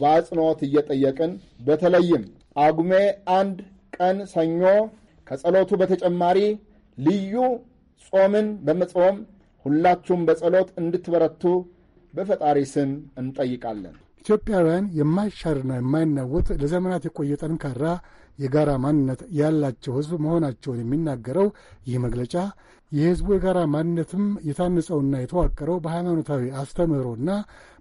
Speaker 12: በአጽንኦት እየጠየቅን በተለይም አጉሜ አንድ ቀን ሰኞ ከጸሎቱ በተጨማሪ ልዩ ጾምን በመጾም ሁላችሁም በጸሎት እንድትበረቱ በፈጣሪ ስም እንጠይቃለን።
Speaker 10: ኢትዮጵያውያን የማይሻርና የማይናወጥ ለዘመናት የቆየ ጠንካራ የጋራ ማንነት ያላቸው ሕዝብ መሆናቸውን የሚናገረው ይህ መግለጫ የሕዝቡ የጋራ ማንነትም የታነጸውና የተዋቀረው በሃይማኖታዊ አስተምህሮና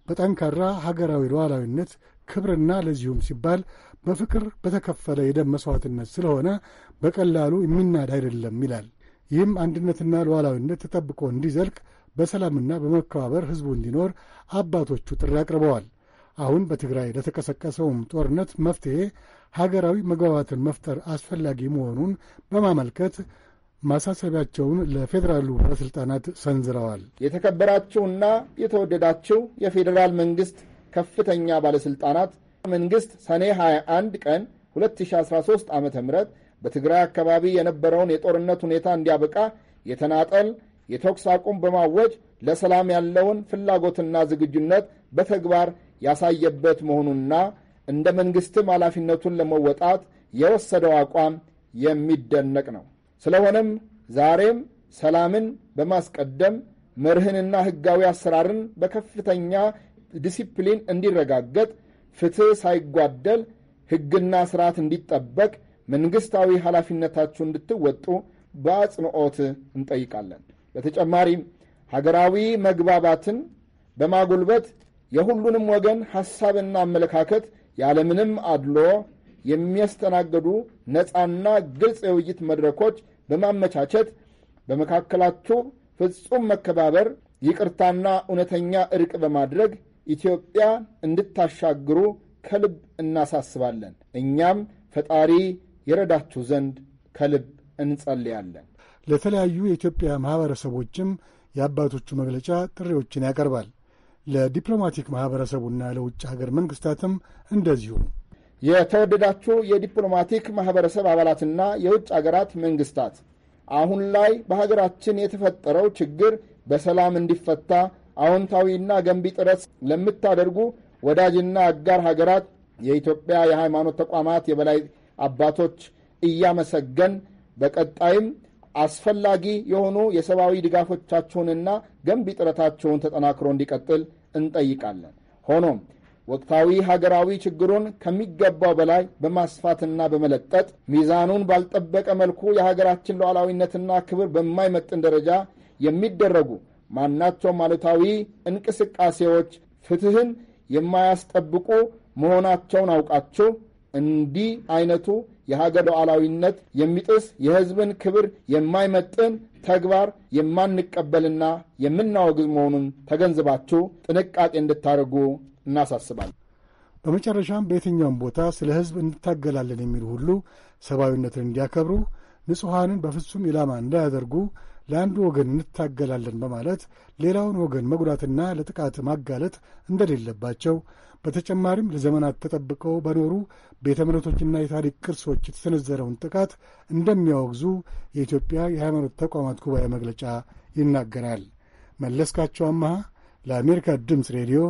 Speaker 10: በጠንካራ ሀገራዊ ሉዓላዊነት ክብርና ለዚሁም ሲባል በፍቅር በተከፈለ የደም መሥዋዕትነት ስለሆነ በቀላሉ የሚናድ አይደለም ይላል። ይህም አንድነትና ሉዓላዊነት ተጠብቆ እንዲዘልቅ በሰላምና በመከባበር ሕዝቡ እንዲኖር አባቶቹ ጥሪ አቅርበዋል። አሁን በትግራይ ለተቀሰቀሰውም ጦርነት መፍትሔ ሀገራዊ መግባባትን መፍጠር አስፈላጊ መሆኑን በማመልከት ማሳሰቢያቸውን ለፌዴራሉ ባለሥልጣናት ሰንዝረዋል። የተከበራችሁና
Speaker 12: የተወደዳችሁ የፌዴራል መንግሥት ከፍተኛ ባለሥልጣናት መንግሥት ሰኔ 21 ቀን 2013 ዓ ም በትግራይ አካባቢ የነበረውን የጦርነት ሁኔታ እንዲያበቃ የተናጠል የተኩስ አቁም በማወጅ ለሰላም ያለውን ፍላጎትና ዝግጁነት በተግባር ያሳየበት መሆኑንና እንደ መንግሥትም ኃላፊነቱን ለመወጣት የወሰደው አቋም የሚደነቅ ነው። ስለሆነም ዛሬም ሰላምን በማስቀደም መርህንና ሕጋዊ አሰራርን በከፍተኛ ዲሲፕሊን እንዲረጋገጥ፣ ፍትሕ ሳይጓደል ሕግና ስርዓት እንዲጠበቅ መንግሥታዊ ኃላፊነታችሁ እንድትወጡ በአጽንኦት እንጠይቃለን። በተጨማሪም ሀገራዊ መግባባትን በማጎልበት የሁሉንም ወገን ሐሳብና አመለካከት ያለምንም አድሎ የሚያስተናግዱ ነፃና ግልጽ የውይይት መድረኮች በማመቻቸት በመካከላችሁ ፍጹም መከባበር፣ ይቅርታና እውነተኛ እርቅ በማድረግ ኢትዮጵያ እንድታሻግሩ ከልብ እናሳስባለን። እኛም ፈጣሪ የረዳችሁ ዘንድ ከልብ እንጸልያለን።
Speaker 10: ለተለያዩ የኢትዮጵያ ማኅበረሰቦችም የአባቶቹ መግለጫ ጥሪዎችን ያቀርባል። ለዲፕሎማቲክ ማህበረሰቡና ለውጭ ሀገር መንግስታትም እንደዚሁ።
Speaker 12: የተወደዳችሁ የዲፕሎማቲክ ማህበረሰብ አባላትና የውጭ አገራት መንግስታት አሁን ላይ በሀገራችን የተፈጠረው ችግር በሰላም እንዲፈታ አዎንታዊና ገንቢ ጥረት ለምታደርጉ ወዳጅና አጋር ሀገራት የኢትዮጵያ የሃይማኖት ተቋማት የበላይ አባቶች እያመሰገን በቀጣይም አስፈላጊ የሆኑ የሰብአዊ ድጋፎቻቸውንና ገንቢ ጥረታቸውን ተጠናክሮ እንዲቀጥል እንጠይቃለን። ሆኖም ወቅታዊ ሀገራዊ ችግሩን ከሚገባው በላይ በማስፋትና በመለጠጥ ሚዛኑን ባልጠበቀ መልኩ የሀገራችን ሉዓላዊነትና ክብር በማይመጥን ደረጃ የሚደረጉ ማናቸውም አሉታዊ እንቅስቃሴዎች ፍትህን የማያስጠብቁ መሆናቸውን አውቃችሁ እንዲህ አይነቱ የሀገር ሉዓላዊነት የሚጥስ የህዝብን ክብር የማይመጥን ተግባር የማንቀበልና የምናወግዝ መሆኑን ተገንዝባችሁ ጥንቃቄ እንድታደርጉ እናሳስባል።
Speaker 10: በመጨረሻም በየትኛውም ቦታ ስለ ህዝብ እንታገላለን የሚሉ ሁሉ ሰብአዊነትን እንዲያከብሩ፣ ንጹሐንን በፍጹም ኢላማ እንዳያደርጉ ለአንዱ ወገን እንታገላለን በማለት ሌላውን ወገን መጉዳትና ለጥቃት ማጋለጥ እንደሌለባቸው በተጨማሪም ለዘመናት ተጠብቀው በኖሩ ቤተ እምነቶችና የታሪክ ቅርሶች የተሰነዘረውን ጥቃት እንደሚያወግዙ የኢትዮጵያ የሃይማኖት ተቋማት ጉባኤ መግለጫ ይናገራል። መለስካቸው አማሃ ለአሜሪካ ድምፅ ሬዲዮ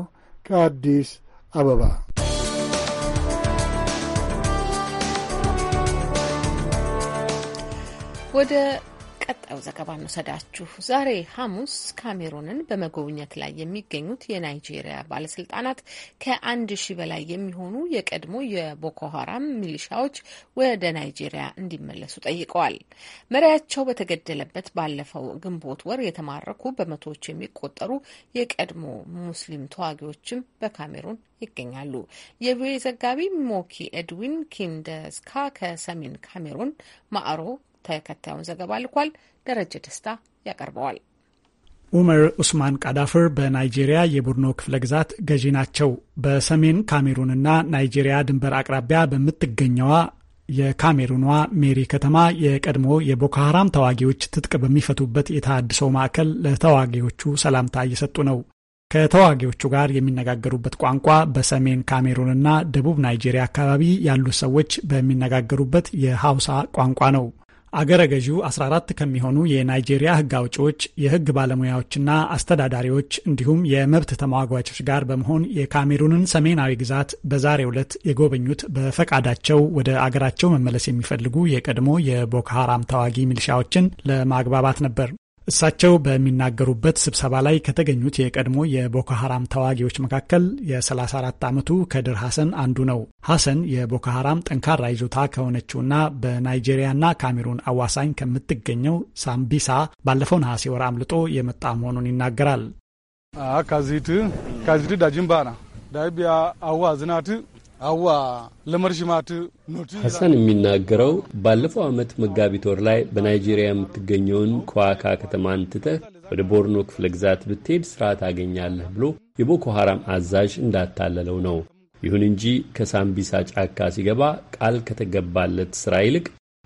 Speaker 10: ከአዲስ አበባ
Speaker 3: ወደ ቀጣዩ ዘገባ እንውሰዳችሁ። ዛሬ ሐሙስ ካሜሩንን በመጎብኘት ላይ የሚገኙት የናይጄሪያ ባለስልጣናት ከአንድ ሺ በላይ የሚሆኑ የቀድሞ የቦኮ ሀራም ሚሊሻዎች ወደ ናይጄሪያ እንዲመለሱ ጠይቀዋል። መሪያቸው በተገደለበት ባለፈው ግንቦት ወር የተማረኩ በመቶዎች የሚቆጠሩ የቀድሞ ሙስሊም ተዋጊዎችም በካሜሩን ይገኛሉ። የቪኦኤ ዘጋቢ ሞኪ ኤድዊን ኪንደስካ ከሰሜን ካሜሩን ማዕሮ ተከታዩን ዘገባ ልኳል። ደረጀ ደስታ ያቀርበዋል።
Speaker 13: ኡመር ኡስማን ቃዳፍር በናይጄሪያ የቡርኖ ክፍለ ግዛት ገዢ ናቸው። በሰሜን ካሜሩንና ናይጄሪያ ድንበር አቅራቢያ በምትገኘዋ የካሜሩኗ ሜሪ ከተማ የቀድሞ የቦኮ ሀራም ተዋጊዎች ትጥቅ በሚፈቱበት የተሃድሶ ማዕከል ለተዋጊዎቹ ሰላምታ እየሰጡ ነው። ከተዋጊዎቹ ጋር የሚነጋገሩበት ቋንቋ በሰሜን ካሜሩንና ደቡብ ናይጄሪያ አካባቢ ያሉት ሰዎች በሚነጋገሩበት የሐውሳ ቋንቋ ነው። አገረ ገዢው 14 ከሚሆኑ የናይጄሪያ ህግ አውጪዎች፣ የህግ ባለሙያዎችና አስተዳዳሪዎች እንዲሁም የመብት ተሟጓቾች ጋር በመሆን የካሜሩንን ሰሜናዊ ግዛት በዛሬው ዕለት የጎበኙት በፈቃዳቸው ወደ አገራቸው መመለስ የሚፈልጉ የቀድሞ የቦኮ ሃራም ተዋጊ ሚሊሻዎችን ለማግባባት ነበር። እሳቸው በሚናገሩበት ስብሰባ ላይ ከተገኙት የቀድሞ የቦኮ ሀራም ተዋጊዎች መካከል የ34 ዓመቱ ከድር ሐሰን አንዱ ነው። ሐሰን የቦኮ ሀራም ጠንካራ ይዞታ ከሆነችውና በናይጄሪያና ካሜሩን አዋሳኝ ከምትገኘው ሳምቢሳ ባለፈው ነሐሴ ወር አምልጦ የመጣ መሆኑን ይናገራል።
Speaker 10: ካዚድ ዳጅምባና ዳይቢያ አዋ ዝናት
Speaker 14: ሐሰን የሚናገረው ባለፈው ዓመት መጋቢት ወር ላይ በናይጄሪያ የምትገኘውን ከዋካ ከተማን ትተህ ወደ ቦርኖ ክፍለ ግዛት ብትሄድ ሥራ ታገኛለህ ብሎ የቦኮ ሐራም አዛዥ እንዳታለለው ነው። ይሁን እንጂ ከሳምቢሳ ጫካ ሲገባ ቃል ከተገባለት ሥራ ይልቅ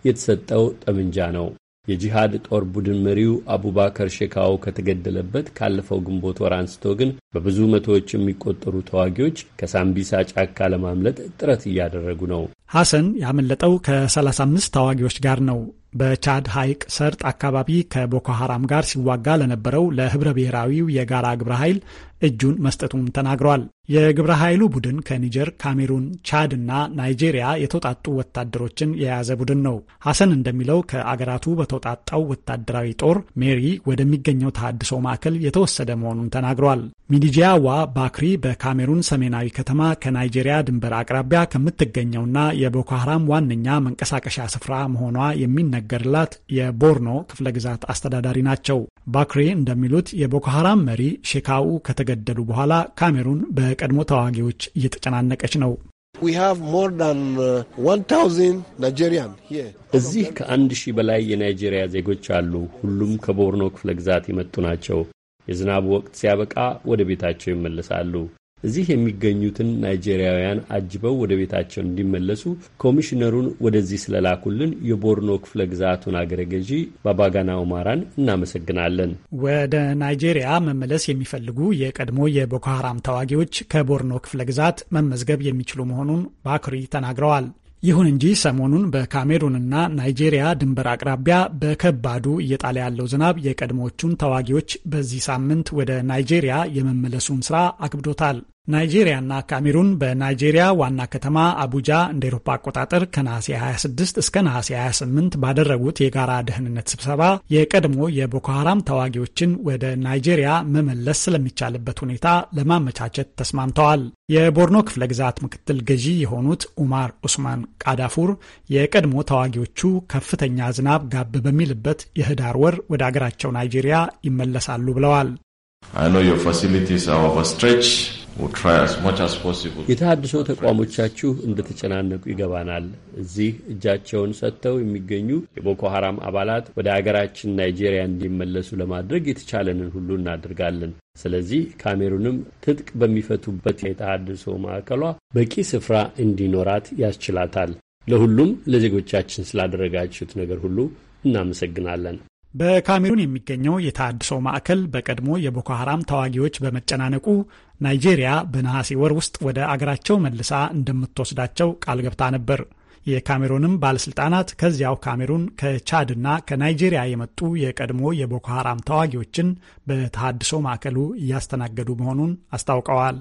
Speaker 14: የተሰጠው ጠመንጃ ነው። የጂሃድ ጦር ቡድን መሪው አቡባከር ሼካው ከተገደለበት ካለፈው ግንቦት ወር አንስቶ ግን በብዙ መቶዎች የሚቆጠሩ ተዋጊዎች ከሳምቢሳ ጫካ ለማምለጥ ጥረት እያደረጉ ነው።
Speaker 13: ሐሰን ያመለጠው ከ35 ተዋጊዎች ጋር ነው። በቻድ ሐይቅ ሰርጥ አካባቢ ከቦኮ ሐራም ጋር ሲዋጋ ለነበረው ለህብረ ብሔራዊው የጋራ ግብረ ኃይል እጁን መስጠቱም ተናግሯል። የግብረ ኃይሉ ቡድን ከኒጀር፣ ካሜሩን፣ ቻድ እና ናይጄሪያ የተውጣጡ ወታደሮችን የያዘ ቡድን ነው። ሐሰን እንደሚለው ከአገራቱ በተውጣጣው ወታደራዊ ጦር ሜሪ ወደሚገኘው ተሃድሶ ማዕከል የተወሰደ መሆኑን ተናግሯል። ሚዲጂያዋ ባክሪ በካሜሩን ሰሜናዊ ከተማ ከናይጄሪያ ድንበር አቅራቢያ ከምትገኘውና የቦኮ ሐራም ዋነኛ መንቀሳቀሻ ስፍራ መሆኗ የሚነ የሚነገርላት የቦርኖ ክፍለ ግዛት አስተዳዳሪ ናቸው። ባክሬ እንደሚሉት የቦኮ ሀራም መሪ ሼካኡ ከተገደሉ በኋላ ካሜሩን በቀድሞ ተዋጊዎች እየተጨናነቀች ነው።
Speaker 10: uh,
Speaker 14: እዚህ ከአንድ ሺህ በላይ የናይጄሪያ ዜጎች አሉ። ሁሉም ከቦርኖ ክፍለ ግዛት የመጡ ናቸው። የዝናቡ ወቅት ሲያበቃ ወደ ቤታቸው ይመለሳሉ። እዚህ የሚገኙትን ናይጄሪያውያን አጅበው ወደ ቤታቸው እንዲመለሱ ኮሚሽነሩን ወደዚህ ስለላኩልን የቦርኖ ክፍለ ግዛቱን አገረ ገዢ ባባጋና ኦማራን እናመሰግናለን።
Speaker 13: ወደ ናይጄሪያ መመለስ የሚፈልጉ የቀድሞ የቦኮ ሀራም ተዋጊዎች ከቦርኖ ክፍለ ግዛት መመዝገብ የሚችሉ መሆኑን ባክሪ ተናግረዋል። ይሁን እንጂ ሰሞኑን በካሜሩንና ናይጄሪያ ድንበር አቅራቢያ በከባዱ እየጣለ ያለው ዝናብ የቀድሞዎቹን ተዋጊዎች በዚህ ሳምንት ወደ ናይጄሪያ የመመለሱን ስራ አክብዶታል። ናይጄሪያና ካሜሩን በናይጄሪያ ዋና ከተማ አቡጃ እንደ ኤሮፓ አቆጣጠር ከነሐሴ 26 እስከ ነሐሴ 28 ባደረጉት የጋራ ደህንነት ስብሰባ የቀድሞ የቦኮ ሀራም ተዋጊዎችን ወደ ናይጄሪያ መመለስ ስለሚቻልበት ሁኔታ ለማመቻቸት ተስማምተዋል። የቦርኖ ክፍለ ግዛት ምክትል ገዢ የሆኑት ኡማር ኡስማን ቃዳፉር የቀድሞ ተዋጊዎቹ ከፍተኛ ዝናብ ጋብ በሚልበት የህዳር ወር ወደ አገራቸው ናይጄሪያ ይመለሳሉ ብለዋል። የተሃድሶ ተቋሞቻችሁ
Speaker 14: እንደተጨናነቁ ይገባናል። እዚህ እጃቸውን ሰጥተው የሚገኙ የቦኮ ሀራም አባላት ወደ አገራችን ናይጄሪያ እንዲመለሱ ለማድረግ የተቻለንን ሁሉ እናደርጋለን። ስለዚህ ካሜሩንም ትጥቅ በሚፈቱበት የተሃድሶ ማዕከሏ በቂ ስፍራ እንዲኖራት ያስችላታል። ለሁሉም ለዜጎቻችን ስላደረጋችሁት ነገር ሁሉ እናመሰግናለን።
Speaker 13: በካሜሩን የሚገኘው የተሃድሶ ማዕከል በቀድሞ የቦኮ ሐራም ተዋጊዎች በመጨናነቁ ናይጄሪያ በነሐሴ ወር ውስጥ ወደ አገራቸው መልሳ እንደምትወስዳቸው ቃል ገብታ ነበር። የካሜሩንም ባለስልጣናት ከዚያው ካሜሩን ከቻድና ከናይጄሪያ የመጡ የቀድሞ የቦኮ ሐራም ተዋጊዎችን በተሃድሶ ማዕከሉ እያስተናገዱ መሆኑን አስታውቀዋል።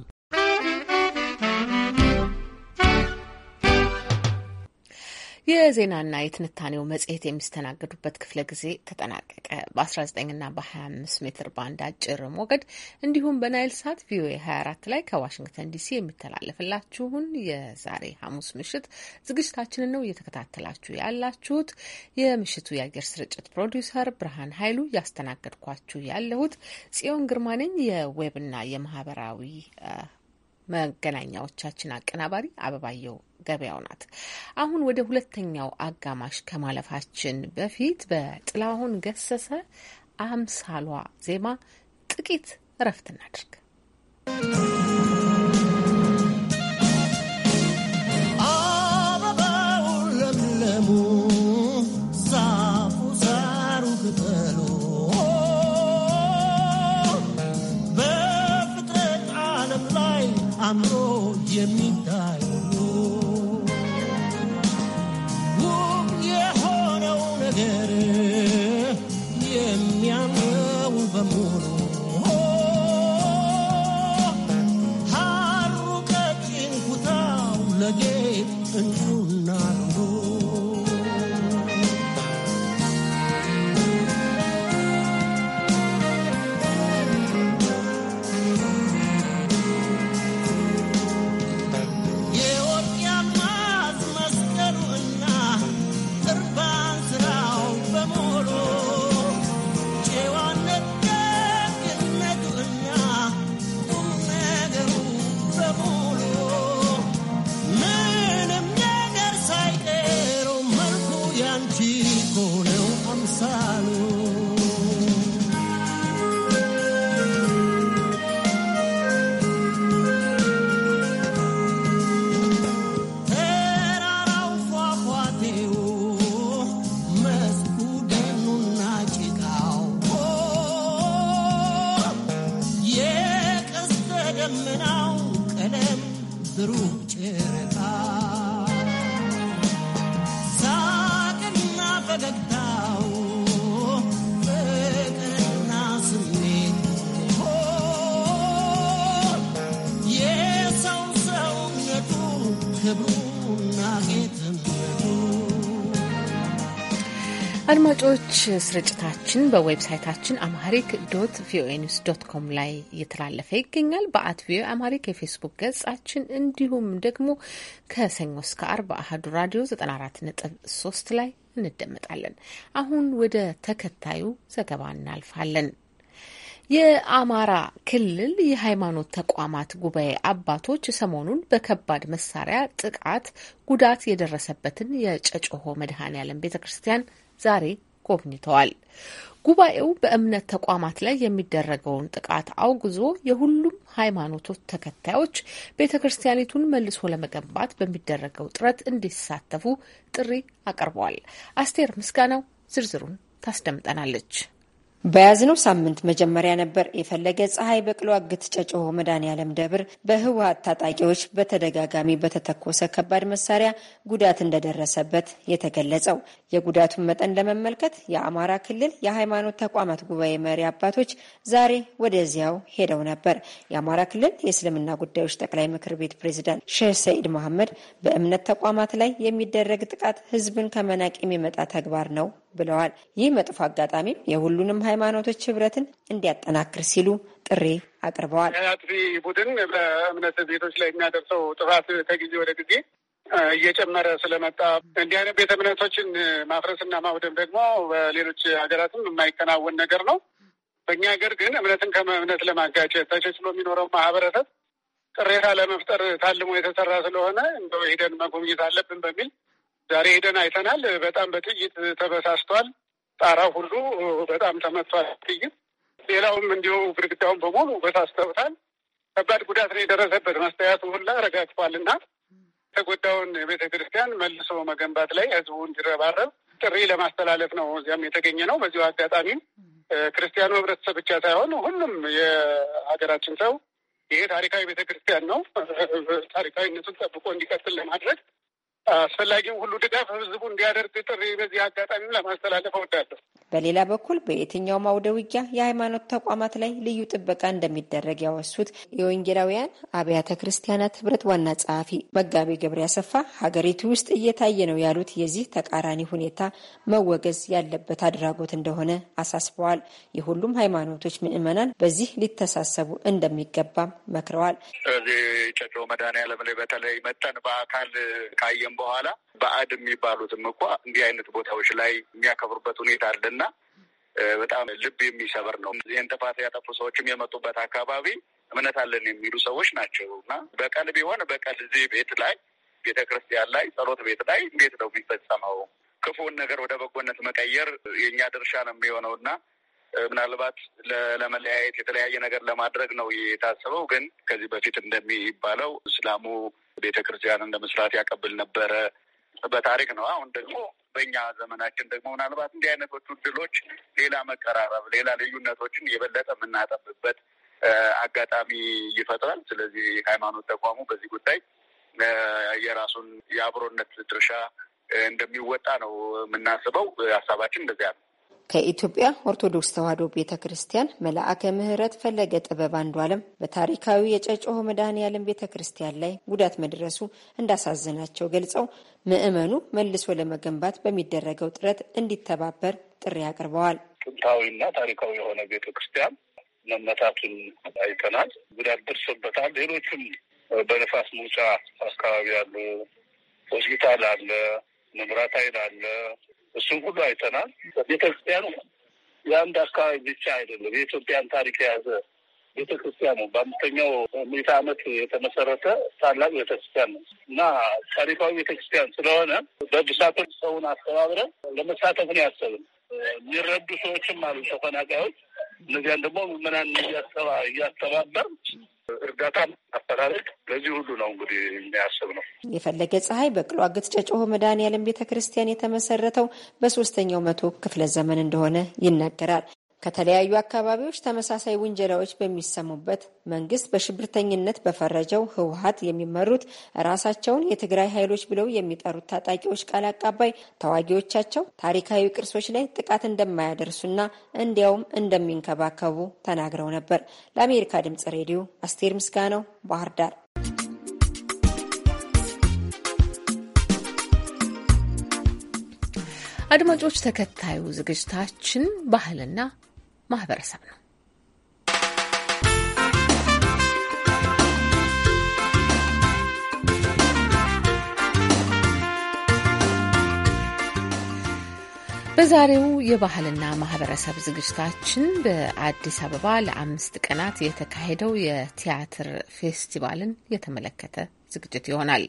Speaker 3: የዜናና የትንታኔው መጽሔት የሚስተናገዱበት ክፍለ ጊዜ ተጠናቀቀ። በ19ና በ25 ሜትር ባንድ አጭር ሞገድ እንዲሁም በናይል ሳት ቪኦኤ 24 ላይ ከዋሽንግተን ዲሲ የሚተላለፍላችሁን የዛሬ ሐሙስ ምሽት ዝግጅታችንን ነው እየተከታተላችሁ ያላችሁት። የምሽቱ የአየር ስርጭት ፕሮዲውሰር ብርሃን ኃይሉ፣ እያስተናገድኳችሁ ያለሁት ጽዮን ግርማ ነኝ። የዌብና የማህበራዊ መገናኛዎቻችን አቀናባሪ አበባየው ገበያው ናት። አሁን ወደ ሁለተኛው አጋማሽ ከማለፋችን በፊት በጥላሁን ገሰሰ አምሳሏ ዜማ ጥቂት እረፍት እናድርግ።
Speaker 2: አበባው ዛፉ ሳሩ
Speaker 6: ላይ አምሮ የሚ
Speaker 3: አድማጮች ስርጭታችን በዌብሳይታችን አማሪክ ዶት ቪኦኤ ኒውስ ዶት ኮም ላይ እየተላለፈ ይገኛል። በአት ቪኦኤ አማሪክ የፌስቡክ ገጻችን እንዲሁም ደግሞ ከሰኞ እስከ አርብ አህዱ ራዲዮ 94.3 ላይ እንደመጣለን። አሁን ወደ ተከታዩ ዘገባ እናልፋለን። የአማራ ክልል የሃይማኖት ተቋማት ጉባኤ አባቶች ሰሞኑን በከባድ መሳሪያ ጥቃት ጉዳት የደረሰበትን የጨጮሆ መድኃኔ ዓለም ቤተ ክርስቲያን ዛሬ ጎብኝተዋል። ጉባኤው በእምነት ተቋማት ላይ የሚደረገውን ጥቃት አውግዞ የሁሉም ሃይማኖቶች ተከታዮች ቤተ ክርስቲያኒቱን መልሶ ለመገንባት በሚደረገው ጥረት
Speaker 1: እንዲሳተፉ ጥሪ አቅርበዋል። አስቴር ምስጋናው ዝርዝሩን ታስደምጠናለች። በያዝነው ሳምንት መጀመሪያ ነበር የፈለገ ፀሐይ በቅሎ አግት ጨጮሆ መድኃኔዓለም ደብር በህወሀት ታጣቂዎች በተደጋጋሚ በተተኮሰ ከባድ መሳሪያ ጉዳት እንደደረሰበት የተገለጸው። የጉዳቱን መጠን ለመመልከት የአማራ ክልል የሃይማኖት ተቋማት ጉባኤ መሪ አባቶች ዛሬ ወደዚያው ሄደው ነበር። የአማራ ክልል የእስልምና ጉዳዮች ጠቅላይ ምክር ቤት ፕሬዚዳንት ሼህ ሰኢድ መሐመድ በእምነት ተቋማት ላይ የሚደረግ ጥቃት ህዝብን ከመናቅ የሚመጣ ተግባር ነው ብለዋል። ይህ መጥፎ አጋጣሚም የሁሉንም ሃይማኖቶች ህብረትን እንዲያጠናክር ሲሉ ጥሪ አቅርበዋል። አጥፊ
Speaker 10: ቡድን በእምነት ቤቶች ላይ የሚያደርሰው ጥፋት ከጊዜ ወደ ጊዜ እየጨመረ ስለመጣ እንዲህ አይነት ቤተ እምነቶችን ማፍረስና ማውደም ደግሞ በሌሎች ሀገራትም የማይከናወን ነገር ነው። በእኛ ሀገር ግን እምነትን ከእምነት ለማጋጨት ተቻችሎ የሚኖረው ማህበረሰብ ቅሬታ ለመፍጠር ታልሞ የተሰራ ስለሆነ እንደው ሄደን መጎብኘት አለብን በሚል ዛሬ ሄደን አይተናል። በጣም በጥይት ተበሳስቷል። ጣራው ሁሉ በጣም ተመቷል ጥይት። ሌላውም እንዲሁ ግድግዳውን በሙሉ በሳስተውታል። ከባድ ጉዳት ነው የደረሰበት። መስተያቱ ሁላ ረጋግፏል እና የተጎዳውን ቤተ ክርስቲያን መልሶ መገንባት ላይ ህዝቡ እንዲረባረብ ጥሪ ለማስተላለፍ ነው እዚያም የተገኘ ነው። በዚሁ አጋጣሚ ክርስቲያኑ ህብረተሰብ ብቻ ሳይሆን ሁሉም የሀገራችን ሰው ይሄ ታሪካዊ ቤተ ክርስቲያን ነው ታሪካዊነቱን ጠብቆ እንዲቀጥል ለማድረግ አስፈላጊው ሁሉ ድጋፍ ህዝቡ እንዲያደርግ ጥሪ
Speaker 1: በዚህ አጋጣሚ ለማስተላለፍ እወዳለሁ። በሌላ በኩል በየትኛውም አውደ ውጊያ የሃይማኖት ተቋማት ላይ ልዩ ጥበቃ እንደሚደረግ ያወሱት የወንጌላውያን አብያተ ክርስቲያናት ህብረት ዋና ጸሐፊ መጋቤ ገብሬ ያሰፋ ሀገሪቱ ውስጥ እየታየ ነው ያሉት የዚህ ተቃራኒ ሁኔታ መወገዝ ያለበት አድራጎት እንደሆነ አሳስበዋል። የሁሉም ሃይማኖቶች ምዕመናን በዚህ ሊተሳሰቡ እንደሚገባም መክረዋል። ስለዚህ ጨጮ መድኃኔዓለም ላይ በተለይ
Speaker 12: መጠን በአካል ካየም በኋላ በአድ የሚባሉትም እኳ እንዲህ አይነት ቦታዎች ላይ የሚያከብሩበት ሁኔታ አለና በጣም ልብ የሚሰብር ነው። ይህን ጥፋት ያጠፉ ሰዎችም የመጡበት አካባቢ እምነት አለን የሚሉ ሰዎች ናቸው እና በቀል ቢሆን በቀል እዚህ ቤት ላይ ቤተ ክርስቲያን ላይ ጸሎት ቤት ላይ እንዴት ነው የሚፈጸመው? ክፉውን ነገር ወደ በጎነት መቀየር የእኛ ድርሻ ነው የሚሆነው እና ምናልባት ለመለያየት የተለያየ ነገር ለማድረግ ነው የታሰበው። ግን ከዚህ በፊት እንደሚባለው እስላሙ ቤተ ክርስቲያን እንደ መስራት ያቀብል ነበረ በታሪክ ነው። አሁን ደግሞ በእኛ ዘመናችን ደግሞ ምናልባት እንዲህ አይነቶቹ ድሎች ሌላ መቀራረብ፣ ሌላ ልዩነቶችን የበለጠ የምናጠብበት አጋጣሚ ይፈጥራል። ስለዚህ ሃይማኖት ተቋሙ በዚህ ጉዳይ የራሱን የአብሮነት ድርሻ እንደሚወጣ ነው የምናስበው። ሀሳባችን እንደዚያ ነው።
Speaker 1: ከኢትዮጵያ ኦርቶዶክስ ተዋሕዶ ቤተ ክርስቲያን መልአከ ምሕረት ፈለገ ጥበብ አንዱ አለም በታሪካዊ የጨጮሆ መድኃኔዓለም ቤተ ክርስቲያን ላይ ጉዳት መድረሱ እንዳሳዘናቸው ገልጸው ምዕመኑ መልሶ ለመገንባት በሚደረገው ጥረት እንዲተባበር ጥሪ አቅርበዋል።
Speaker 14: ጥንታዊና ታሪካዊ የሆነ ቤተ ክርስቲያን መመታቱን አይተናል። ጉዳት ደርሶበታል። ሌሎችም በነፋስ መውጫ አካባቢ ያሉ ሆስፒታል አለ፣ መብራት ኃይል አለ እሱን ሁሉ አይተናል። ቤተክርስቲያኑ የአንድ አካባቢ ብቻ አይደለም፣ የኢትዮጵያን ታሪክ የያዘ ቤተክርስቲያን ነው። በአምስተኛው ምዕተ ዓመት የተመሰረተ ታላቅ ቤተክርስቲያን ነው እና ታሪካዊ ቤተክርስቲያን ስለሆነ በእድሳቶች ሰውን አስተባብረ ለመሳተፍ ነው ያሰብን። የሚረዱ ሰዎችም አሉ፣ ተፈናቃዮች። እነዚያን ደግሞ ምናን እያስተባበር
Speaker 12: እርዳታም አፈላለግ በዚህ ሁሉ ነው እንግዲህ የሚያስብ ነው።
Speaker 1: የፈለገ ፀሐይ በቅሎ አገት ጨጮሆ መድኃኔ ቤተ ክርስቲያን የተመሰረተው በሶስተኛው መቶ ክፍለ ዘመን እንደሆነ ይናገራል። ከተለያዩ አካባቢዎች ተመሳሳይ ውንጀላዎች በሚሰሙበት መንግስት በሽብርተኝነት በፈረጀው ህወሀት የሚመሩት ራሳቸውን የትግራይ ኃይሎች ብለው የሚጠሩት ታጣቂዎች ቃል አቃባይ ተዋጊዎቻቸው ታሪካዊ ቅርሶች ላይ ጥቃት እንደማያደርሱና እንዲያውም እንደሚንከባከቡ ተናግረው ነበር። ለአሜሪካ ድምጽ ሬዲዮ አስቴር ምስጋናው ባህር ዳር።
Speaker 3: አድማጮች ተከታዩ ዝግጅታችን ባህልና ማህበረሰብ ነው። በዛሬው የባህልና ማህበረሰብ ዝግጅታችን በአዲስ አበባ ለአምስት ቀናት የተካሄደው የቲያትር ፌስቲቫልን የተመለከተ ዝግጅት ይሆናል።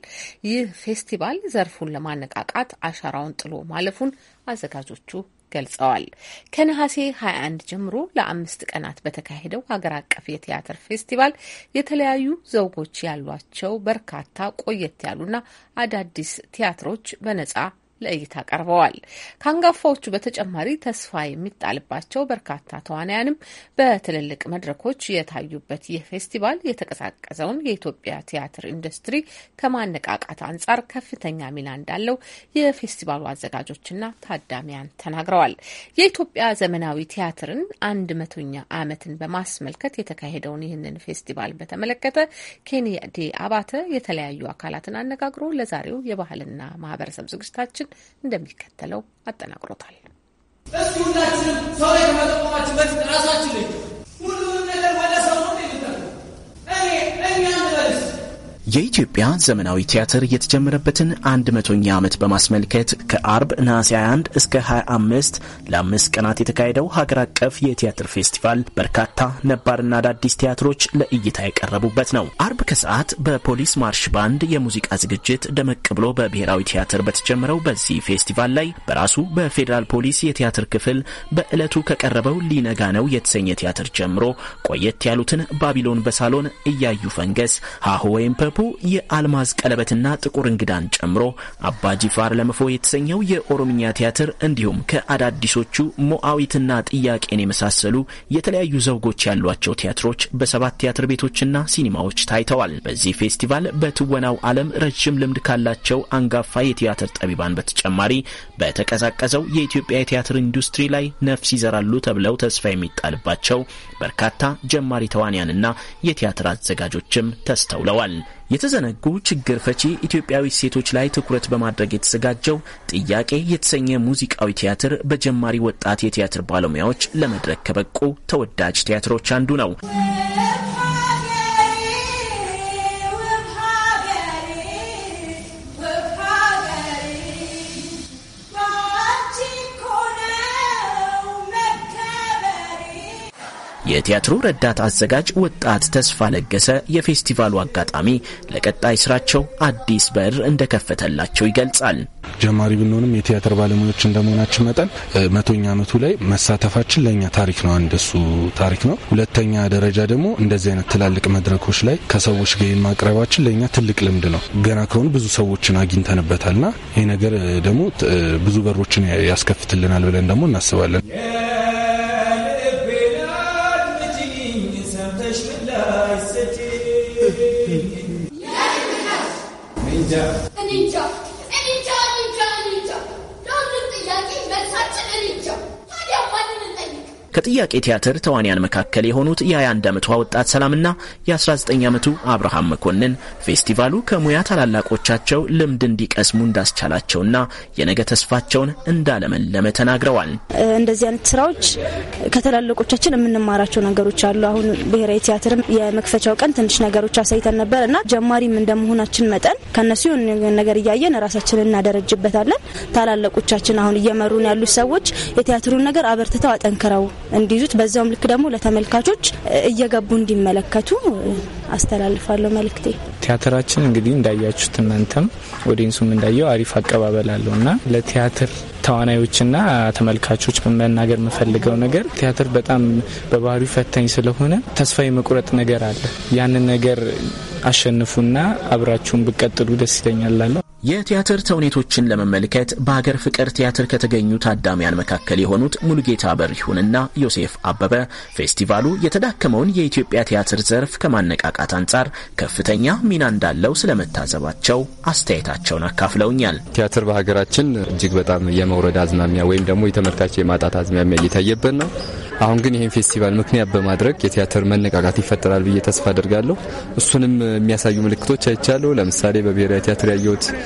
Speaker 3: ይህ ፌስቲቫል ዘርፉን ለማነቃቃት አሻራውን ጥሎ ማለፉን አዘጋጆቹ ገልጸዋል። ከነሐሴ 21 ጀምሮ ለአምስት ቀናት በተካሄደው ሀገር አቀፍ የቲያትር ፌስቲቫል የተለያዩ ዘውጎች ያሏቸው በርካታ ቆየት ያሉና አዳዲስ ቲያትሮች በነጻ ለእይታ ቀርበዋል። ከአንጋፋዎቹ በተጨማሪ ተስፋ የሚጣልባቸው በርካታ ተዋናያንም በትልልቅ መድረኮች የታዩበት ይህ ፌስቲቫል የተቀዛቀዘውን የኢትዮጵያ ቲያትር ኢንዱስትሪ ከማነቃቃት አንጻር ከፍተኛ ሚና እንዳለው የፌስቲቫሉ አዘጋጆችና ታዳሚያን ተናግረዋል። የኢትዮጵያ ዘመናዊ ቲያትርን አንድ መቶኛ ዓመትን በማስመልከት የተካሄደውን ይህንን ፌስቲቫል በተመለከተ ኬኔዲ አባተ የተለያዩ አካላትን አነጋግሮ ለዛሬው የባህልና ማህበረሰብ ዝግጅታችን እንደሚከተለው አጠናቅሮታል።
Speaker 9: እስኪ ሁላችንም ሰው ላይ
Speaker 11: ከመጠቆማችን በፊት ራሳችን ሁሉንም ነገር ወደ ሰው ነው እኔ
Speaker 2: እኛ ንበልስ የኢትዮጵያ ዘመናዊ ቲያትር የተጀመረበትን አንድ መቶኛ ዓመት በማስመልከት ከአርብ ነሐሴ 21 እስከ 25 ለአምስት ቀናት የተካሄደው ሀገር አቀፍ የቲያትር ፌስቲቫል በርካታ ነባርና አዳዲስ ቲያትሮች ለእይታ የቀረቡበት ነው። አርብ ከሰዓት በፖሊስ ማርሽ ባንድ የሙዚቃ ዝግጅት ደመቅ ብሎ በብሔራዊ ቲያትር በተጀመረው በዚህ ፌስቲቫል ላይ በራሱ በፌዴራል ፖሊስ የቲያትር ክፍል በዕለቱ ከቀረበው ሊነጋ ነው የተሰኘ ቲያትር ጀምሮ ቆየት ያሉትን ባቢሎን በሳሎን፣ እያዩ ፈንገስ፣ ሀሁ ወይም የአልማዝ ቀለበትና ጥቁር እንግዳን ጨምሮ አባጂፋር ለመፎ የተሰኘው የኦሮምኛ ቲያትር እንዲሁም ከአዳዲሶቹ ሞአዊትና ጥያቄን የመሳሰሉ የተለያዩ ዘውጎች ያሏቸው ቲያትሮች በሰባት ቲያትር ቤቶችና ሲኒማዎች ታይተዋል። በዚህ ፌስቲቫል በትወናው ዓለም ረዥም ልምድ ካላቸው አንጋፋ የቲያትር ጠቢባን በተጨማሪ በተቀዛቀዘው የኢትዮጵያ የቲያትር ኢንዱስትሪ ላይ ነፍስ ይዘራሉ ተብለው ተስፋ የሚጣልባቸው በርካታ ጀማሪ ተዋንያንና የቲያትር አዘጋጆችም ተስተውለዋል። የተዘነጉ ችግር ፈቺ ኢትዮጵያዊ ሴቶች ላይ ትኩረት በማድረግ የተዘጋጀው ጥያቄ የተሰኘ ሙዚቃዊ ቲያትር በጀማሪ ወጣት የቲያትር ባለሙያዎች ለመድረክ ከበቁ ተወዳጅ ቲያትሮች አንዱ ነው። የቲያትሩ ረዳት አዘጋጅ ወጣት ተስፋ ለገሰ የፌስቲቫሉ አጋጣሚ ለቀጣይ ስራቸው አዲስ በር እንደከፈተላቸው ይገልጻል።
Speaker 11: ጀማሪ ብንሆንም የቲያትር ባለሙያዎች እንደመሆናችን መጠን መቶኛ ዓመቱ ላይ መሳተፋችን ለእኛ ታሪክ ነው። አንደሱ ታሪክ ነው። ሁለተኛ ደረጃ ደግሞ እንደዚህ አይነት ትላልቅ መድረኮች ላይ ከሰዎች ጋር ማቅረባችን ለእኛ ትልቅ ልምድ ነው። ገና ከሆኑ ብዙ ሰዎችን ና ይህ ነገር ደግሞ ብዙ በሮችን ያስከፍትልናል ብለን ደግሞ እናስባለን። Yeah.
Speaker 9: A ninja.
Speaker 2: ከጥያቄ ቲያትር ተዋንያን መካከል የሆኑት የ21 ዓመቷ ወጣት ሰላምና የ19 ዓመቱ አብርሃም መኮንን ፌስቲቫሉ ከሙያ ታላላቆቻቸው ልምድ እንዲቀስሙ እንዳስቻላቸውና የነገ ተስፋቸውን እንዳለመለመ ተናግረዋል።
Speaker 5: እንደዚህ አይነት ስራዎች ከታላላቆቻችን የምንማራቸው ነገሮች አሉ። አሁን ብሔራዊ ቲያትርም የመክፈቻው ቀን ትንሽ ነገሮች አሳይተን ነበር እና ጀማሪም እንደመሆናችን መጠን ከነሱ የሆነ ነገር እያየን ራሳችንን እናደረጅበታለን። ታላላቆቻችን አሁን እየመሩን ያሉት ሰዎች የቲያትሩን ነገር አበርትተው አጠንክረው እንዲይዙት፣ በዛውም ልክ ደግሞ ለተመልካቾች እየገቡ እንዲመለከቱ አስተላልፋለሁ መልክቴ።
Speaker 2: ቲያትራችን እንግዲህ እንዳያችሁት እናንተም ኦዲየንሱም እንዳየው አሪፍ አቀባበል አለው እና ለቲያትር ተዋናዮችና ተመልካቾች መናገር የምፈልገው ነገር ቲያትር በጣም በባህሪ ፈታኝ ስለሆነ ተስፋ የመቁረጥ ነገር አለ። ያንን ነገር አሸንፉና አብራችሁን ብቀጥሉ ደስ ይለኛል። የቲያትር ተውኔቶችን ለመመልከት በሀገር ፍቅር ቲያትር ከተገኙ ታዳሚያን መካከል የሆኑት ሙሉጌታ በሪሁንና ዮሴፍ አበበ ፌስቲቫሉ የተዳከመውን የኢትዮጵያ ቲያትር ዘርፍ ከማነቃቃት አንጻር ከፍተኛ ሚና እንዳለው ስለመታዘባቸው አስተያየታቸውን አካፍለውኛል።
Speaker 15: ቲያትር በሀገራችን እጅግ በጣም የመውረድ አዝማሚያ ወይም ደግሞ የተመልካች የማጣት አዝማሚያ እየታየበት ነው። አሁን ግን ይህን ፌስቲቫል ምክንያት በማድረግ የቲያትር መነቃቃት ይፈጠራል ብዬ ተስፋ አድርጋለሁ። እሱንም የሚያሳዩ ምልክቶች አይቻለሁ። ለምሳሌ በብሔራዊ ቲያትር ያየሁት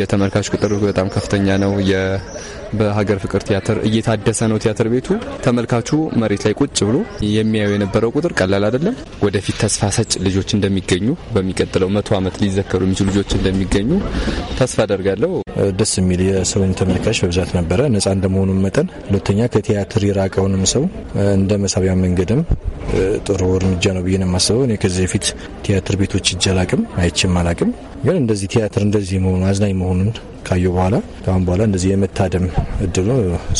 Speaker 15: የተመልካች ቁጥር በጣም ከፍተኛ ነው። በሀገር ፍቅር ቲያትር እየታደሰ ነው ቲያትር ቤቱ። ተመልካቹ መሬት ላይ ቁጭ ብሎ የሚያየው የነበረው ቁጥር ቀላል አይደለም። ወደፊት ተስፋ ሰጭ ልጆች እንደሚገኙ በሚቀጥለው መቶ ዓመት ሊዘከሩ የሚችሉ ልጆች እንደሚገኙ ተስፋ አደርጋለሁ። ደስ
Speaker 4: የሚል የሰውን ተመልካች በብዛት ነበረ። ነጻ እንደመሆኑም መጠን ሁለተኛ ከቲያትር የራቀውንም ሰው እንደ መሳቢያ መንገድም ጥሩ እርምጃ ነው ብዬ ነው የማስበው። እኔ ከዚህ በፊት ቲያትር ቤቶች እጅ አላቅም አይቼም አላቅም። ግን እንደዚህ ቲያትር እንደዚህ መሆኑ አዝናኝ moment ካዩ በኋላ ከአሁን በኋላ እንደዚህ የመታደም እድሉ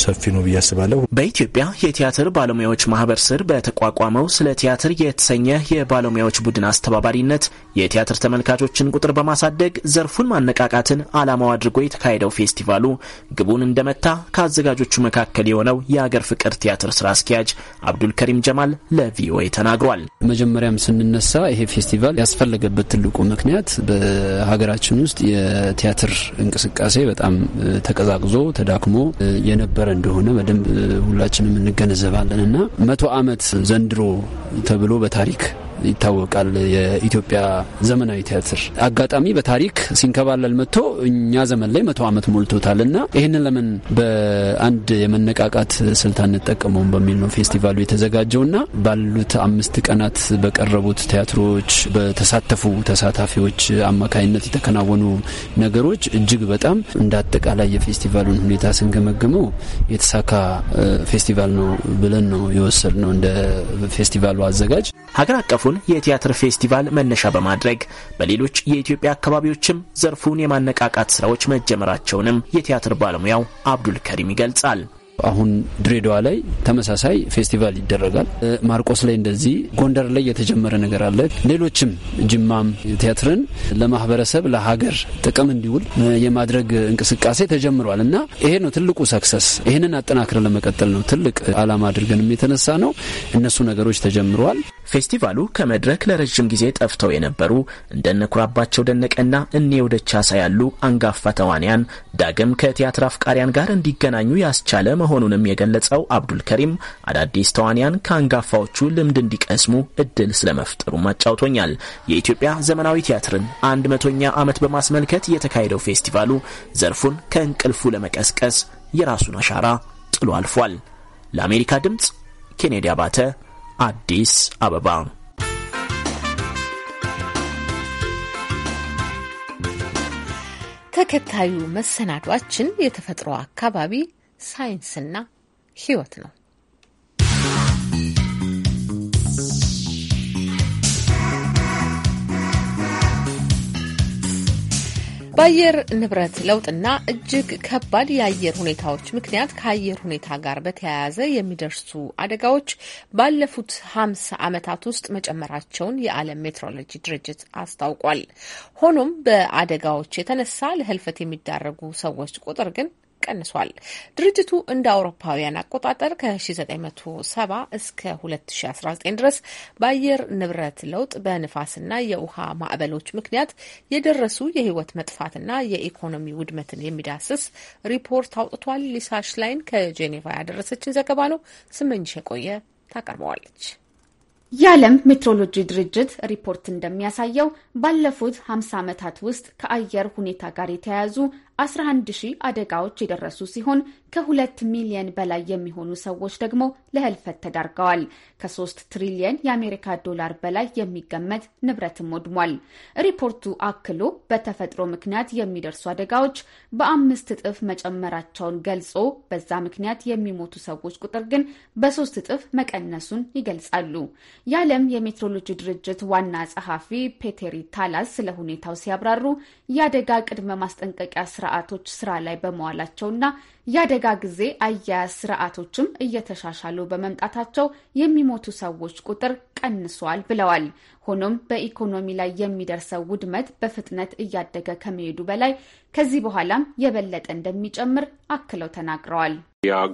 Speaker 4: ሰፊ ነው ብዬ አስባለሁ።
Speaker 2: በኢትዮጵያ የቲያትር ባለሙያዎች ማህበር ስር በተቋቋመው ስለ ቲያትር የተሰኘ የባለሙያዎች ቡድን አስተባባሪነት የቲያትር ተመልካቾችን ቁጥር በማሳደግ ዘርፉን ማነቃቃትን ዓላማው አድርጎ የተካሄደው ፌስቲቫሉ ግቡን እንደመታ ከአዘጋጆቹ መካከል የሆነው የአገር ፍቅር ቲያትር ስራ አስኪያጅ
Speaker 15: አብዱል ከሪም ጀማል ለቪኦኤ ተናግሯል። መጀመሪያም ስንነሳ ይሄ ፌስቲቫል ያስፈለገበት ትልቁ ምክንያት በሀገራችን ውስጥ የቲያትር እንቅስቃሴ እንቅስቃሴ በጣም ተቀዛቅዞ ተዳክሞ የነበረ እንደሆነ በደንብ ሁላችንም እንገነዘባለን እና መቶ ዓመት ዘንድሮ ተብሎ በታሪክ ይታወቃል። የኢትዮጵያ ዘመናዊ ቲያትር አጋጣሚ በታሪክ ሲንከባለል መጥቶ እኛ ዘመን ላይ መቶ ዓመት ሞልቶታል እና ይህንን ለምን በአንድ የመነቃቃት ስልት አንጠቀመውም በሚል ነው ፌስቲቫሉ የተዘጋጀው እና ባሉት አምስት ቀናት በቀረቡት ቲያትሮች በተሳተፉ ተሳታፊዎች አማካኝነት የተከናወኑ ነገሮች እጅግ በጣም እንደ አጠቃላይ የፌስቲቫሉን ሁኔታ ስንገመግመው የተሳካ ፌስቲቫል ነው ብለን ነው የወሰድ ነው እንደ ፌስቲቫሉ አዘጋጅ ሀገር አቀፉን የቲያትር ፌስቲቫል መነሻ
Speaker 2: በማድረግ በሌሎች የኢትዮጵያ አካባቢዎችም ዘርፉን የማነቃቃት ስራዎች መጀመራቸውንም
Speaker 15: የቲያትር ባለሙያው አብዱል ከሪም ይገልጻል። አሁን ድሬዳዋ ላይ ተመሳሳይ ፌስቲቫል ይደረጋል። ማርቆስ ላይ እንደዚህ፣ ጎንደር ላይ የተጀመረ ነገር አለ። ሌሎችም ጅማም ቲያትርን ለማህበረሰብ ለሀገር ጥቅም እንዲውል የማድረግ እንቅስቃሴ ተጀምሯል እና ይሄ ነው ትልቁ ሰክሰስ። ይህንን አጠናክረን ለመቀጠል ነው ትልቅ አላማ አድርገንም የተነሳ ነው። እነሱ ነገሮች ተጀምረዋል። ፌስቲቫሉ ከመድረክ ለረዥም ጊዜ ጠፍተው የነበሩ
Speaker 2: እንደነኩራባቸው ደነቀና እኔ ወደ ቻሳ ያሉ አንጋፋ ተዋንያን ዳግም ከቲያትር አፍቃሪያን ጋር እንዲገናኙ ያስቻለ መሆኑንም የገለጸው አብዱል ከሪም አዳዲስ ተዋንያን ከአንጋፋዎቹ ልምድ እንዲቀስሙ እድል ስለመፍጠሩም አጫውቶኛል። የኢትዮጵያ ዘመናዊ ቲያትርን አንድ መቶኛ ዓመት በማስመልከት የተካሄደው ፌስቲቫሉ ዘርፉን ከእንቅልፉ ለመቀስቀስ የራሱን አሻራ ጥሎ አልፏል። ለአሜሪካ ድምፅ ኬኔዲ አባተ አዲስ አበባ።
Speaker 3: ተከታዩ መሰናዷችን የተፈጥሮ አካባቢ ሳይንስና ሕይወት ነው። በአየር ንብረት ለውጥና እጅግ ከባድ የአየር ሁኔታዎች ምክንያት ከአየር ሁኔታ ጋር በተያያዘ የሚደርሱ አደጋዎች ባለፉት ሀምሳ ዓመታት ውስጥ መጨመራቸውን የዓለም ሜትሮሎጂ ድርጅት አስታውቋል። ሆኖም በአደጋዎች የተነሳ ለህልፈት የሚዳረጉ ሰዎች ቁጥር ግን ቀንሷል። ድርጅቱ እንደ አውሮፓውያን አቆጣጠር ከ1970 እስከ 2019 ድረስ በአየር ንብረት ለውጥ በንፋስና የውሃ ማዕበሎች ምክንያት የደረሱ የህይወት መጥፋትና የኢኮኖሚ ውድመትን የሚዳስስ ሪፖርት አውጥቷል። ሊሳ ሽላይን ከጄኔቫ ያደረሰችን ዘገባ ነው። ስመኝሽ የቆየ
Speaker 6: ታቀርበዋለች።
Speaker 9: የዓለም ሜትሮሎጂ ድርጅት ሪፖርት እንደሚያሳየው ባለፉት 50 ዓመታት ውስጥ ከአየር ሁኔታ ጋር የተያያዙ 11 ሺህ አደጋዎች የደረሱ ሲሆን ከሁለት ሚሊየን በላይ የሚሆኑ ሰዎች ደግሞ ለህልፈት ተዳርገዋል። ከሶስት ትሪሊየን የአሜሪካ ዶላር በላይ የሚገመት ንብረትም ወድሟል። ሪፖርቱ አክሎ በተፈጥሮ ምክንያት የሚደርሱ አደጋዎች በአምስት እጥፍ መጨመራቸውን ገልጾ በዛ ምክንያት የሚሞቱ ሰዎች ቁጥር ግን በሶስት እጥፍ መቀነሱን ይገልጻሉ። የዓለም የሜትሮሎጂ ድርጅት ዋና ጸሐፊ ፔቴሪ ታላስ ስለ ሁኔታው ሲያብራሩ የአደጋ ቅድመ ማስጠንቀቂያ ስራ ስርዓቶች ስራ ላይ በመዋላቸውና የአደጋ ጊዜ አያያዝ ስርዓቶችም እየተሻሻሉ በመምጣታቸው የሚሞቱ ሰዎች ቁጥር ቀንሷል ብለዋል። ሆኖም በኢኮኖሚ ላይ የሚደርሰው ውድመት በፍጥነት እያደገ ከመሄዱ በላይ ከዚህ በኋላም የበለጠ እንደሚጨምር አክለው ተናግረዋል።
Speaker 14: uh,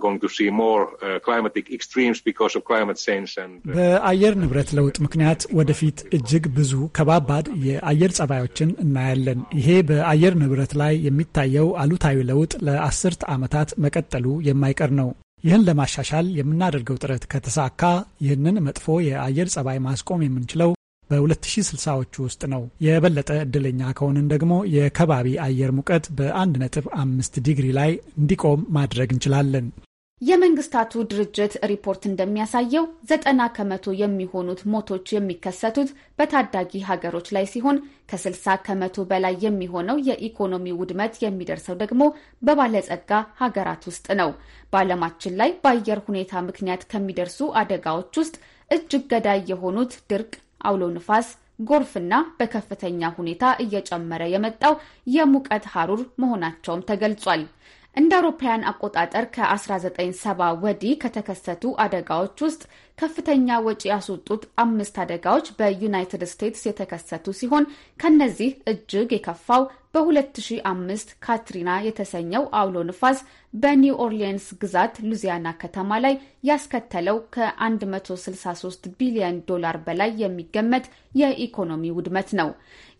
Speaker 14: uh,
Speaker 13: በአየር ንብረት ለውጥ ምክንያት ወደፊት እጅግ ብዙ ከባባድ የአየር ጸባዮችን እናያለን። ይሄ በአየር ንብረት ላይ የሚታየው አሉታዊ ለውጥ ለአስርት ዓመታት መቀጠሉ የማይቀር ነው። ይህን ለማሻሻል የምናደርገው ጥረት ከተሳካ ይህንን መጥፎ የአየር ጸባይ ማስቆም የምንችለው በ2060ዎቹ ውስጥ ነው። የበለጠ እድለኛ ከሆንን ደግሞ የከባቢ አየር ሙቀት በ1.5 ዲግሪ ላይ እንዲቆም ማድረግ እንችላለን።
Speaker 9: የመንግስታቱ ድርጅት ሪፖርት እንደሚያሳየው ዘጠና ከመቶ የሚሆኑት ሞቶች የሚከሰቱት በታዳጊ ሀገሮች ላይ ሲሆን ከ60 ከመቶ በላይ የሚሆነው የኢኮኖሚ ውድመት የሚደርሰው ደግሞ በባለጸጋ ሀገራት ውስጥ ነው። በዓለማችን ላይ በአየር ሁኔታ ምክንያት ከሚደርሱ አደጋዎች ውስጥ እጅግ ገዳይ የሆኑት ድርቅ አውሎ ንፋስ፣ ጎርፍና በከፍተኛ ሁኔታ እየጨመረ የመጣው የሙቀት ሐሩር መሆናቸውም ተገልጿል። እንደ አውሮፓውያን አቆጣጠር ከ1970 ወዲህ ከተከሰቱ አደጋዎች ውስጥ ከፍተኛ ወጪ ያስወጡት አምስት አደጋዎች በዩናይትድ ስቴትስ የተከሰቱ ሲሆን ከነዚህ እጅግ የከፋው በ2005 ካትሪና የተሰኘው አውሎ ንፋስ በኒው ኦርሊንስ ግዛት ሉዚያና ከተማ ላይ ያስከተለው ከ163 ቢሊዮን ዶላር በላይ የሚገመት የኢኮኖሚ ውድመት ነው።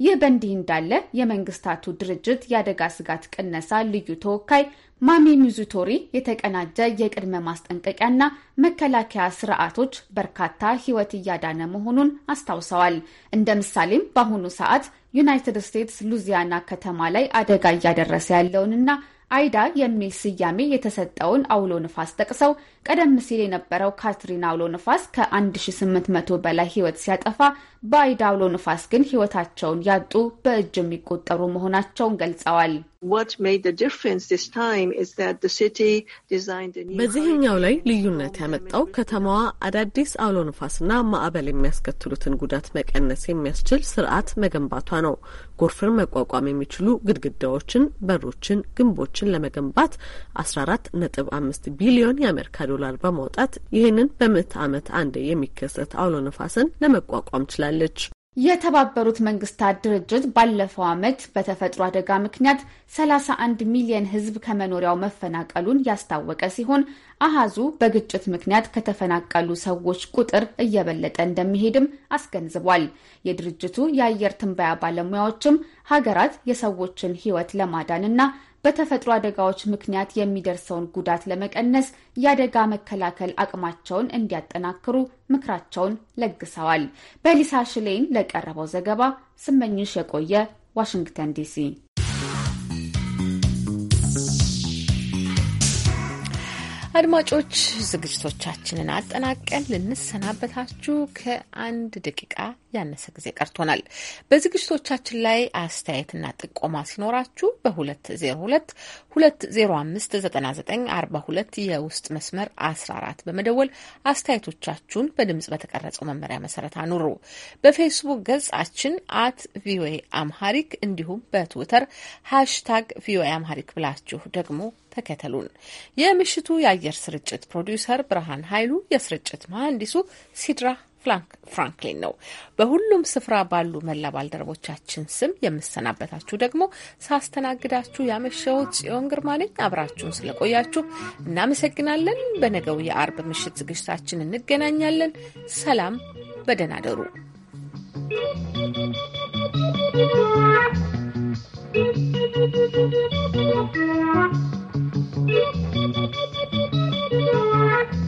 Speaker 9: ይህ በእንዲህ እንዳለ የመንግስታቱ ድርጅት የአደጋ ስጋት ቅነሳ ልዩ ተወካይ ማሚ ሚዙቶሪ የተቀናጀ የቅድመ ማስጠንቀቂያና መከላከያ ስርዓቶች በርካታ ሕይወት እያዳነ መሆኑን አስታውሰዋል። እንደ ምሳሌም በአሁኑ ሰዓት ዩናይትድ ስቴትስ ሉዚያና ከተማ ላይ አደጋ እያደረሰ ያለውንና አይዳ የሚል ስያሜ የተሰጠውን አውሎ ንፋስ ጠቅሰው ቀደም ሲል የነበረው ካትሪን አውሎ ንፋስ ከ1800 በላይ ሕይወት ሲያጠፋ በአይዳ አውሎ ንፋስ ግን ህይወታቸውን
Speaker 6: ያጡ በእጅ የሚቆጠሩ መሆናቸውን ገልጸዋል። በዚህኛው ላይ ልዩነት ያመጣው ከተማዋ አዳዲስ አውሎ ንፋስና ማዕበል የሚያስከትሉትን ጉዳት መቀነስ የሚያስችል ስርዓት መገንባቷ ነው። ጎርፍን መቋቋም የሚችሉ ግድግዳዎችን፣ በሮችን፣ ግንቦችን ለመገንባት 14 ነጥብ 5 ቢሊዮን የአሜሪካ ዶላር በማውጣት ይህንን በምዕተ ዓመት አንዴ የሚከሰት አውሎ ነፋስን ለመቋቋም ችላለች። የተባበሩት
Speaker 9: መንግስታት ድርጅት ባለፈው ዓመት በተፈጥሮ አደጋ ምክንያት 31 ሚሊየን ሕዝብ ከመኖሪያው መፈናቀሉን ያስታወቀ ሲሆን አሃዙ በግጭት ምክንያት ከተፈናቀሉ ሰዎች ቁጥር እየበለጠ እንደሚሄድም አስገንዝቧል። የድርጅቱ የአየር ትንበያ ባለሙያዎችም ሀገራት የሰዎችን ሕይወት ለማዳን እና በተፈጥሮ አደጋዎች ምክንያት የሚደርሰውን ጉዳት ለመቀነስ የአደጋ መከላከል አቅማቸውን እንዲያጠናክሩ ምክራቸውን ለግሰዋል። በሊሳ ሽሌን ለቀረበው ዘገባ ስመኝሽ የቆየ ዋሽንግተን ዲሲ። አድማጮች ዝግጅቶቻችንን አጠናቀን
Speaker 3: ልንሰናበታችሁ ከአንድ ደቂቃ ያነሰ ጊዜ ቀርቶናል። በዝግጅቶቻችን ላይ አስተያየትና ጥቆማ ሲኖራችሁ በ202 205 9942 የውስጥ መስመር 14 በመደወል አስተያየቶቻችሁን በድምጽ በተቀረጸው መመሪያ መሰረት አኑሩ። በፌስቡክ ገጻችን አት ቪኦኤ አምሃሪክ እንዲሁም በትዊተር ሃሽታግ ቪኦኤ አምሃሪክ ብላችሁ ደግሞ ተከተሉን። የምሽቱ የአየር ስርጭት ፕሮዲውሰር ብርሃን ኃይሉ፣ የስርጭት መሐንዲሱ ሲድራ ፍራንክሊን ነው። በሁሉም ስፍራ ባሉ መላ ባልደረቦቻችን ስም የምሰናበታችሁ ደግሞ ሳስተናግዳችሁ ያመሸሁት ጽዮን ግርማ ነኝ። አብራችሁን ስለቆያችሁ እናመሰግናለን። በነገው የአርብ ምሽት ዝግጅታችን እንገናኛለን። ሰላም፣ በደህና ደሩ።
Speaker 2: Thank
Speaker 11: you.